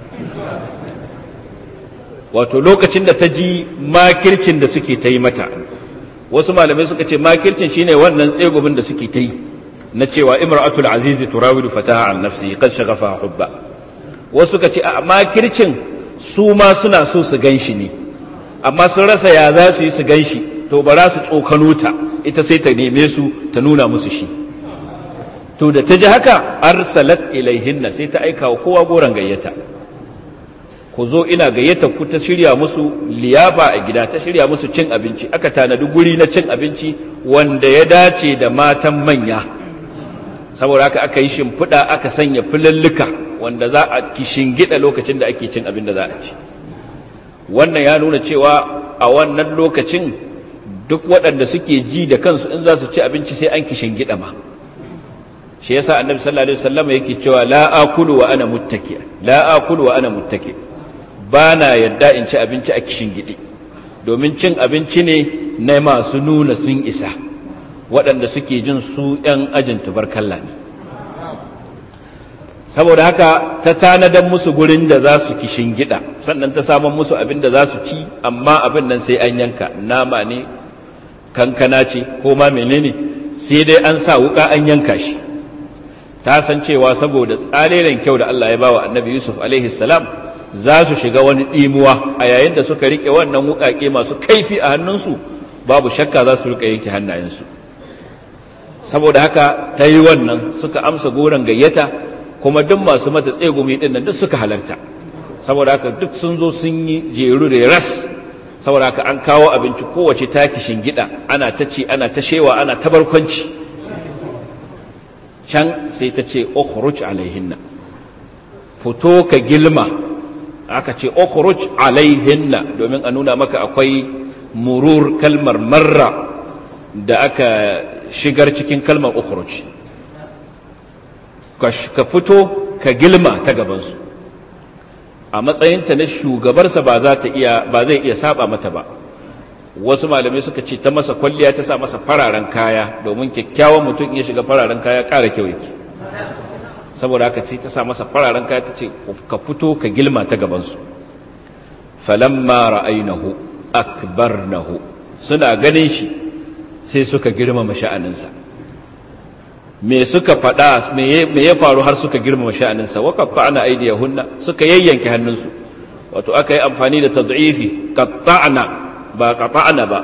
wato lokacin da ta ji makircin da suke ta yi mata wasu malamai suka ce makircin shine wannan tsegumin da suke ta yi na cewa imra'atul azizi turawidu fataha an nafsi qad shaghafa hubba wasu suka ce a makircin su ma suna so su gan shi ne amma sun rasa ya za su yi su gan shi to bara su tsokano ta ita sai ta neme su ta nuna musu shi to da ta ji haka arsalat ilaihinna sai ta aika wa kowa goron gayyata ku zo ina gayyata ku ta shirya musu liyafa a gida ta shirya musu cin abinci aka tanadi guri na cin abinci wanda ya dace da matan manya saboda haka aka yi shimfiɗa aka sanya filallika wanda za a gida lokacin da ake cin abin da za a ci wannan ya nuna cewa a wannan lokacin duk waɗanda suke ji da kansu in za su ci abinci sai an kishin gida ma shi yasa annabi sallallahu alaihi wasallam yake cewa la akulu wa ana muttaki la akulu wa ana muttaki bana yadda in ci abinci a kishin gidi domin cin abinci ne na masu nuna sun isa waɗanda suke jin su ‘yan ajin tubarkalla ne saboda haka ta tanadan musu gurin da za su kishin gida sannan ta saman musu abin da za su ci amma abin nan sai an yanka nama ne kankana ce ko ma menene sai dai an sa wuka an yanka shi ta san cewa saboda tsalelen kyau da Allah ya ba wa annabi Yusuf alaihi salam za su shiga wani ɗimuwa a yayin da suka rike wannan wukake masu kaifi a hannunsu babu shakka za su rika yanke hannayensu saboda haka ta yi wannan suka amsa goron gayyata kuma duk masu mata tsegumi ɗinnan duk suka halarta saboda haka duk sun zo sun yi jeru da ras saboda ka an kawo abinci kowace taki shingida ana ta ci ana ta shewa ana ta barkwanci can sai ta ce okhruj alaihinna fito ka gilma aka ce okhruj alaihinna domin a nuna maka akwai murur kalmar marra da aka shigar cikin kalmar okhruj ka fito ka gilma ta gabansu a matsayinta na shugabarsa ba ba zai iya saba mata ba wasu malamai suka ce ta masa kwalliya ta sa masa fararen kaya domin kyakkyawan mutum ya shiga fararen kaya ƙara kyau yake saboda haka ce ta sa masa fararen kaya ta ce ka fito ka gilma ta gabansu falamma ra'ainahu akbarnahu suna ganin shi sai suka girmama sha'aninsa me suka faɗa me ya faru har suka girmama sha'aninsa wa qatta'na aydiyahunna suka yayyanke hannunsu wato aka yi amfani da tad'ifi qatta'na ba qata'na ba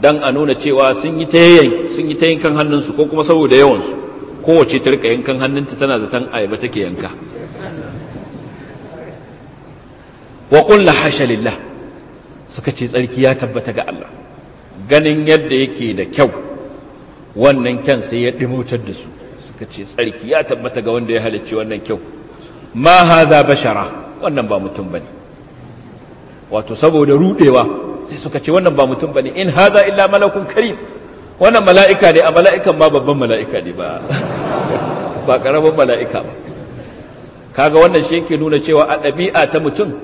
dan a nuna cewa sun yi ta sun yi ta yankan hannunsu ko kuma saboda yawan su kowace ta rika yankan hannunta tana zaton ayaba take yanka wa la hasha lillah suka ce tsarki ya tabbata ga Allah ganin yadda yake da kyau wannan kyan sai ya ɗimotar da su suka ce tsarki ya tabbata ga wanda ya halicci wannan kyau ma haza bashara wannan ba mutum bane wato saboda rudewa sai suka ce wannan ba mutum bane in haza illa malakun karim wannan mala'ika ne a mala'ikan ma babban mala'ika ne ba ba karamin mala'ika ba kaga wannan shi yake nuna cewa a ɗabi'a ta mutum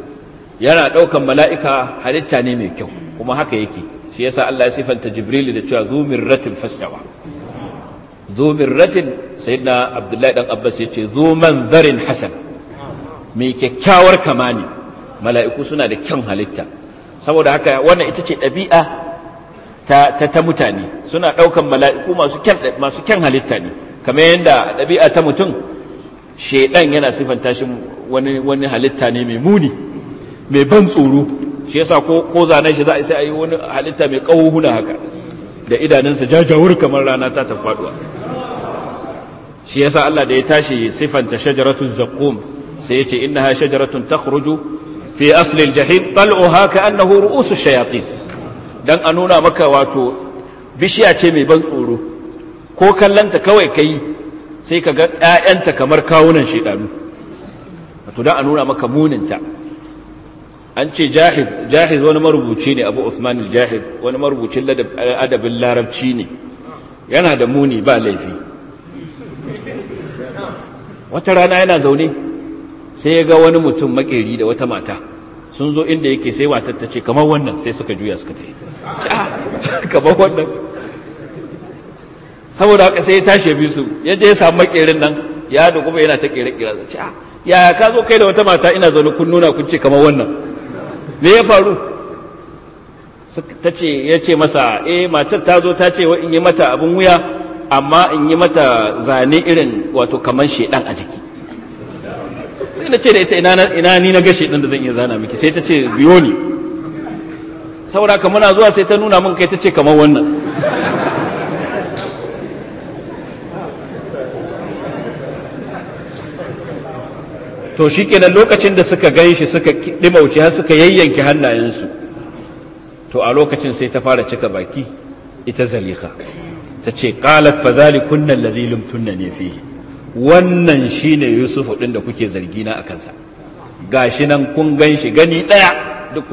yana ɗaukan mala'ika halitta ne mai kyau kuma haka yake shi yasa Allah ya sifanta Jibril da cewa zu mirratin fasawa zu mirratin sayyidina Abdullahi dan Abbas yace zu manzarin hasan mai kyakkyawar kamani mala'iku suna da kyan halitta saboda haka wannan ita ce ɗabi'a ta ta, mutane suna ɗaukan mala'iku masu kyan masu kyan halitta ne kamar yadda ɗabi'a ta mutum shaidan yana sifanta shi wani wani halitta ne mai muni mai ban tsoro shi yasa ko ko zanen shi za a sai a yi wani halitta mai ƙahuhuna haka da idanunsa jajawur kamar rana ta tafaduwa shi yasa Allah da ya tashi sifanta shajaratun zaqqum sai yace innaha shajaratun takhruju fi asli al-jahim haka ka'annahu ru'usu shayatin dan a nuna maka wato bishiya ce mai ban tsoro ko kallanta kawai kai sai ka ga ƴaƴanta kamar kawunan shedanu wato dan a nuna maka muninta an ce jahiz jahiz wani marubuci ne abu usman al-jahiz wani marubucin adabin larabci ne yana da muni ba laifi wata rana yana zaune sai ya ga wani mutum makeri da wata mata sun zo inda yake sai matar ta ce kamar wannan sai suka juya suka tafi ah, kamar wannan saboda haka sai ya tashi bi su ya je ya samu makerin nan ya da kuma yana ta kere kira ah, ya ka zo kai da wata mata ina zaune kun nuna kun ce kamar wannan me ya faru ta ya ce masa e matar ta zo ta ce wa in yi mata abin wuya amma in yi mata zane irin wato kamar shedan a jiki sai na ce da ita ina ni na ga shedan da zan iya zana miki sai ta ce biyo ni saboda na zuwa sai ta nuna min kai ta ce kamar wannan to shi kenan lokacin da suka gan shi suka ɗimauci har suka yayyanki hannayensu to a lokacin sai ta fara cika baki ita zalika ta ce ƙalat fa zalikunna allazi tunna ne fi wannan shine yusuf ɗin da kuke zargi na akan sa gashi nan kun gan shi gani ɗaya duk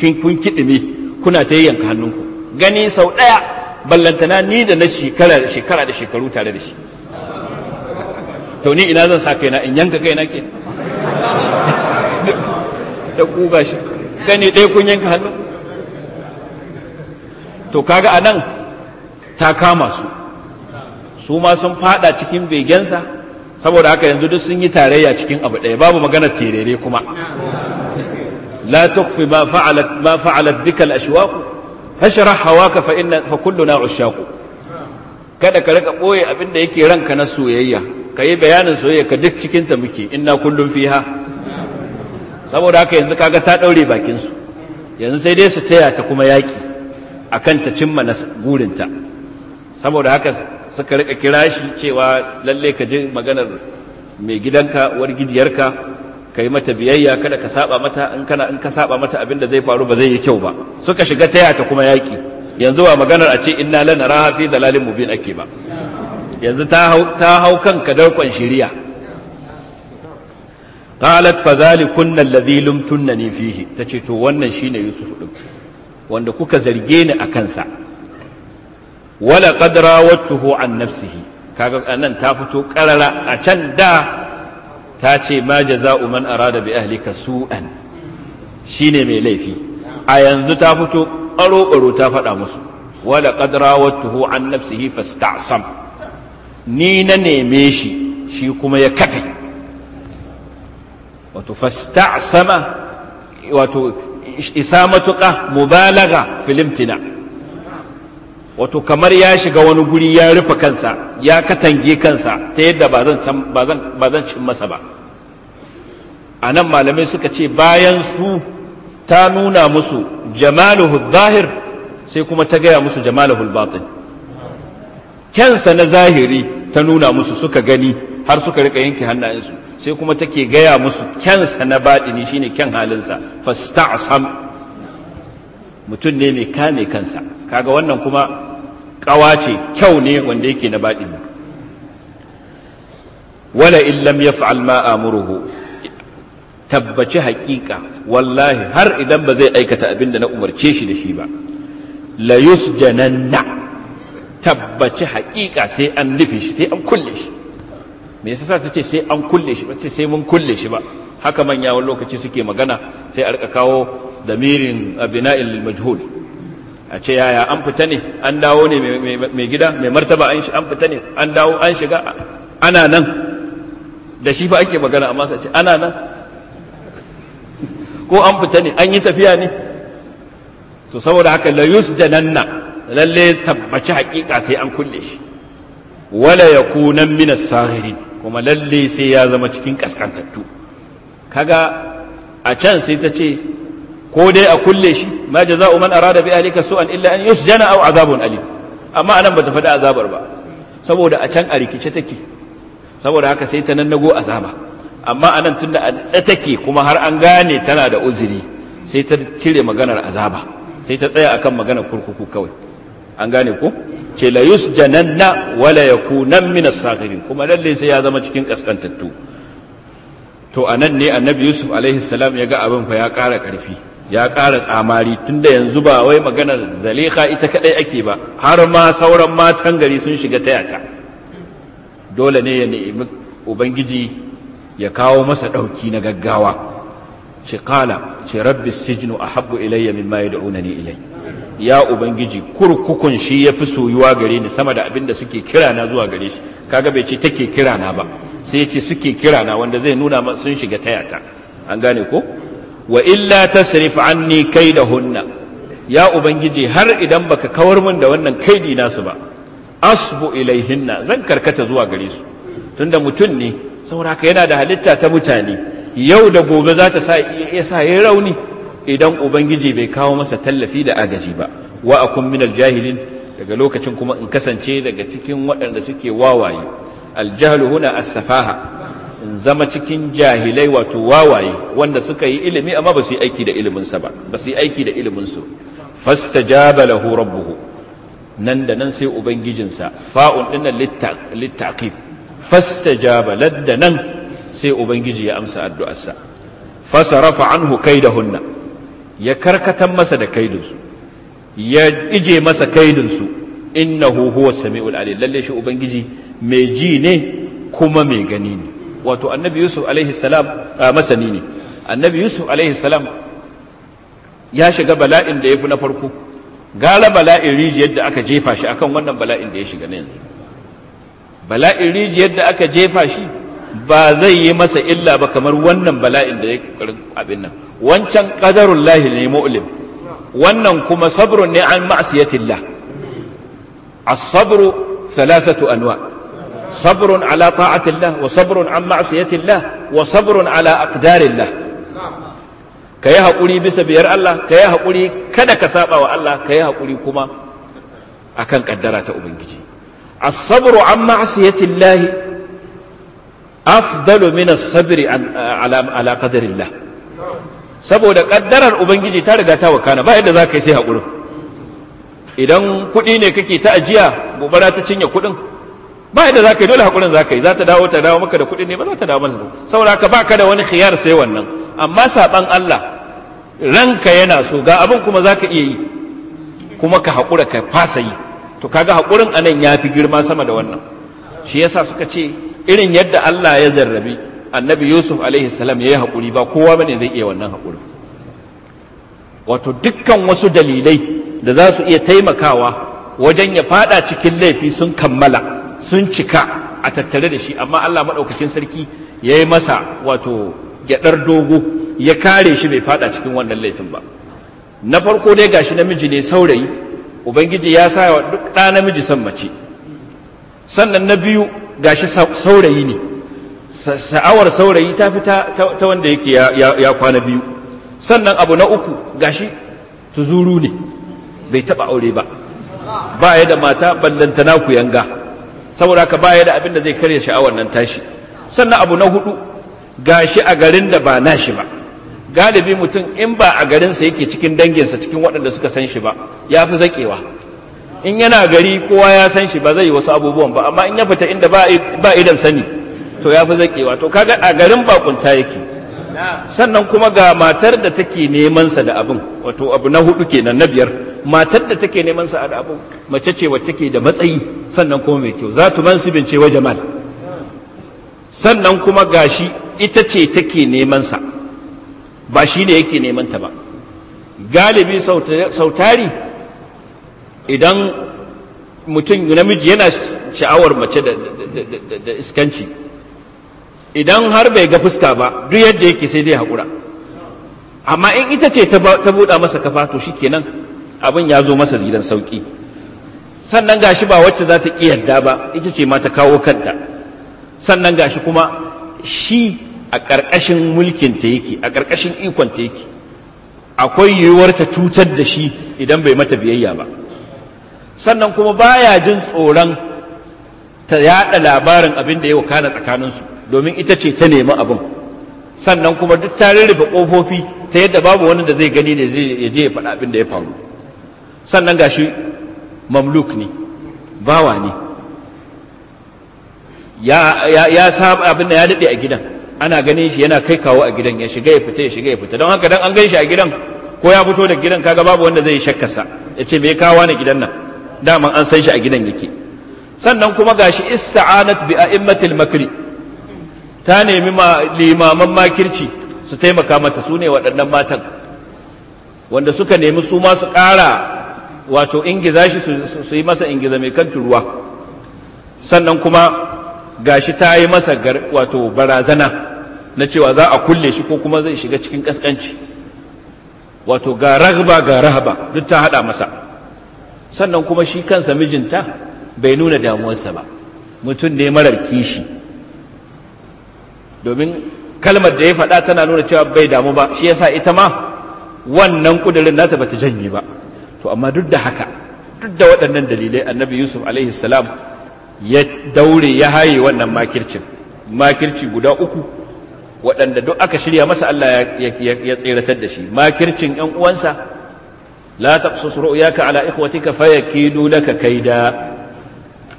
kun kiɗime kuna ta yayyanka hannunku gani sau ɗaya ballantana ni da na shekara shekara da shekaru tare da shi to ni ina zan sa kaina in yanka kaina ke da kuga shi gani ɗaya kun yanka hannu to kaga anan ta kama su su ma sun fada cikin begensa saboda haka yanzu duk sun yi tarayya cikin abu ɗaya babu maganar terere kuma la لا ma fa'alat bika al فعلت بك hawaka fa inna fa kulluna عشاق kada ka rika boye abinda yake ranka na soyayya ka yi bayanin soyayya ka duk cikinta muke inna kullum fiha saboda haka yanzu kaga ta daure bakinsu yanzu sai dai su taya ta kuma yaki akan ta cimma na ta saboda haka suka rika kira shi cewa lalle ka je maganar mai gidanka war gidiyarka ka yi mata biyayya kada ka saba mata in kana in ka saba mata abin da zai faru ba zai yi kyau ba suka shiga taya ta kuma yaki yanzu wa maganar a ce inna lana raha fi dalalin mubin ake ba yanzu ta hau kanka darkon shiriya qalat fazali kunna alladhi lumtunni fihi tace to wannan shine yusuf din wanda kuka zarge ni akan sa wala qad rawattuhu an nafsihi kaga anan ta fito karara a can da ta ce ma jaza'u man arada bi ahlika su'an shine mai laifi a yanzu ta fito ƙaro-ƙaro ta faɗa musu wala qad rawattuhu an nafsihi fasta'sam ni na neme shi shi kuma ya kafe wato sama wato isa matuƙa mubalaga filimtina wato kamar ya shiga wani guri ya rufe kansa ya katange kansa ta yadda ba zan cin masa ba a nan malamai suka ce bayan su ta nuna musu jamaluhu zahir sai kuma ta gaya musu jamaluhu batin kyansa na zahiri ta nuna musu suka gani har suka rika yanke hannayensu sai kuma take gaya musu kyansa na baɗini shine kyan halinsa fasta'sam mutum ne mai kame kansa kaga wannan kuma kawa ce kyau ne wanda yake na baɗini wala in lam yaf'al ma amuruhu tabbaci haƙiƙa wallahi har idan ba zai aikata abin da na umarce shi da shi ba la yusjananna tabbaci haƙiƙa sai an rufe shi sai an kulle shi me yasa ta ce sai an kulle shi ba ce sai mun kulle shi ba haka manya wani lokaci suke magana sai a rika kawo damirin bina'in lil majhul a ce yaya an fita ne an dawo ne mai gida mai martaba an fita ne an dawo an shiga ana nan da shi fa ake magana amma sai ce ana nan ko an fita ne an yi tafiya ne to saboda haka la yusjananna lalle tabbaci haƙiƙa sai an kulle shi wala ya kunan minas saghirin kuma lalle sai ya zama cikin kaskantattu kaga a can sai ta ce ko dai a kulle shi ma jaza'u man arada bi ahlika su'an illa an yusjana aw azabun alim amma anan bata faɗi azabar ba saboda a can a rikice take saboda haka sai ta nannago azaba amma anan tunda a take kuma har an gane tana da uzuri sai ta cire maganar azaba sai ta tsaya akan maganar kurkuku kawai an gane ko ce la yusjananna wala yakunan min as-sakhirin kuma lalle sai ya zama cikin kaskantattu to a nan ne annabi yusuf alaihi ya ga abin fa ya ƙara ƙarfi ya ƙara tsamari tunda yanzu ba wai maganar zalika ita kadai ake ba har ma sauran matan gari sun shiga ta, dole ne ya nemi ubangiji ya kawo masa ɗauki na gaggawa ce ƙala ce rabbi sijnu ahabbu ilayya dauna ni ilayhi ya ubangiji kurkukun shi ya fi soyuwa gare ni sama da abin da suke kira na zuwa gare shi kaga bai ce take kira na ba sai ce suke kira na wanda zai nuna sun shiga tayata an gane ko wa illa tasrif anni kaidahunna ya ubangiji har idan baka kawar mun da wannan kaidi nasu ba asbu ilaihinna zan karkata zuwa gare su tunda mutum ne saboda haka yana da halitta ta mutane yau da gobe za ta sa ya sa rauni idan ubangiji bai kawo masa tallafi da agaji ba wa akun min aljahilin daga lokacin kuma in kasance daga cikin waɗanda suke wawaye aljahalu huna as-safaha in zama cikin jahilai wato wawaye wanda suka yi ilimi amma ba su yi aiki da iliminsa ba ba su yi aiki da ilimin su fastajaba lahu rabbuhu nan da nan sai ubangijinsa fa'un dinnan littaqib fastajaba da nan sai ubangiji ya amsa addu'arsa rafa anhu hunna ya karkatar masa da kaidinsu ya ije masa kaidinsu innahu huwa sami'ul alim lalle shi ubangiji mai ji ne kuma mai gani ne wato annabi yusuf alaihi salam masani ne annabi yusuf alaihi salam ya shiga bala'in da ya fi na farko gara bala'in rijiyar da aka jefa shi akan wannan bala'in da ya shiga ne yanzu bala'in rijiyar da aka jefa shi ba zai yi masa illa ba kamar wannan bala'in da ya kokarin abin nan wancan qadarul lahi ne mu'lim wannan kuma sabrun ne an ma'siyatillah as-sabru thalathatu anwa sabrun ala ta'atillah wa sabrun an ma'siyatillah wa sabrun ala aqdarillah ka yi haƙuri bisa biyar Allah ka yi haƙuri kada ka saba wa Allah ka yi haƙuri kuma akan kaddara ta ubangiji as-sabru an ma'siyatillahi afdalu min as-sabri ala qadarillah saboda kaddarar ubangiji ta riga ta wakana ba yadda zaka yi sai hakuri idan kuɗi ne kake ta ajiya gobara ta cinye kuɗin ba yadda zaka yi dole hakurin zaka yi za ta dawo ta dawo maka da kuɗi ne ba za ta dawo maka saboda ka baka da wani khiyar sai wannan amma saɓan Allah ranka yana so ga abin kuma zaka iya yi kuma ka hakura ka fasa yi to kaga hakurin anan fi girma sama da wannan shi yasa suka ce irin yadda Allah ya zarrabi annabi Yusuf alaihi salam ya yi haƙuri ba kowa bane zai iya wannan haƙuri wato dukkan wasu dalilai da za su iya taimakawa wajen ya fada cikin laifi sun kammala sun cika a tattare da shi amma Allah maɗaukakin sarki ya yi masa wato gyaɗar dogo ya kare shi bai fada cikin wannan laifin ba na farko dai gashi namiji ne saurayi ubangiji ya sa wa duk ɗa namiji son mace sannan na biyu gashi saurayi ne sha'awar saurayi ta fi ta wanda yake ya kwana biyu sannan abu na uku gashi tuzuru ne bai taba aure ba ba ya da mata na ku yanga saboda ka ba ya da abin da zai karya sha'awar nan tashi sannan abu na hudu gashi a garin da ba na shi ba galibi mutum in ba a garinsa yake cikin danginsa cikin waɗanda suka san shi ba ya fi zaƙewa in yana gari kowa ya san shi ba zai yi wasu abubuwan ba amma in ya fita inda ba idan sani to ya fi zaƙewa to kaga a garin bakunta yake sannan kuma ga matar da take neman sa da abin wato abu na hudu kenan na biyar matar da take neman sa da abin mace ce wacce take da matsayi sannan kuma mai kyau zatu mansibin ce wa jamal sannan kuma gashi ita ce take neman sa ba shi ne yake neman ta ba galibi sautari idan mutum namiji yana sha'awar mace da iskanci idan har bai ga fuska ba duk yadda yake sai dai haƙura amma in ita ce ta buɗa masa kafa to shi kenan abin ya zo masa gidan sauƙi sannan gashi ba wacce za ta yadda ba ita ce ma ta kawo kanta sannan gashi kuma shi a ƙarƙashin mulkinta yake a ƙarƙashin ikonta yake akwai yiwuwar ta cutar da shi idan bai mata biyayya ba sannan kuma baya jin tsoron ta yaɗa labarin abin da ya wakana tsakaninsu domin ita ce ta nemi abin sannan kuma duk ta rurrufe ƙofofi ta yadda babu wani da zai gani da zai ya je ya faɗa abin da ya faru sannan gashi mamluk ne bawa ne ya saba abin da ya daɗe a gidan ana ganin shi yana kai kawo a gidan ya shiga ya fita ya shiga ya fita don haka dan an gan shi a gidan ko ya fito da gidan kaga babu wanda zai shakkarsa ya ce me kawo na gidan nan daman an san shi a gidan yake sannan kuma gashi ista'anat bi a'immatil makri ta nemi limaman makirci su taimaka mata su ne waɗannan matan wanda suka nemi su ma su ƙara wato ingiza shi su yi masa ingiza mai kan ruwa sannan kuma gashi ta yi masa wato barazana na cewa za a kulle shi ko kuma zai shiga cikin ƙasƙanci wato ga ragba ga rahaba duk ta haɗa masa sannan kuma shi kansa mijinta bai nuna damuwarsa ba mutum ne marar kishi domin kalmar da ya faɗa tana nuna cewa bai damu ba shi yasa ita ma wannan ƙudurin nata bata janye ba to amma duk da haka duk da waɗannan dalilai annabi yusuf alaihi salam ya daure ya haye wannan makircin makirci guda uku waɗanda duk aka shirya masa allah ya tseratar da shi makircin 'yan uwansa la taqsus ru'yaka ala ikhwatika fayakidu laka kaida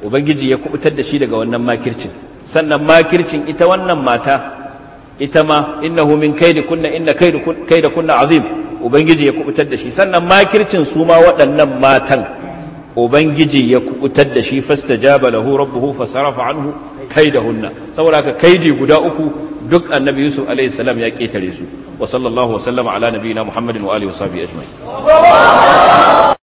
ubangiji ya kubutar da shi daga wannan makircin sannan makircin ita wannan mata ita ma innahu min kaidi kunna inna kaida kunna azim ubangiji ya kubutar da shi sannan makircin su ma waɗannan matan ubangiji ya kubutar da shi fastajaba lahu rabbuhu fasarafa anhu kaidahunna saboda ka kaidi guda uku duk annabi yusuf alaihi salam ya ketare su wa sallallahu wa sallama ala nabiyina muhammadin wa alihi wa sahbihi ajma'in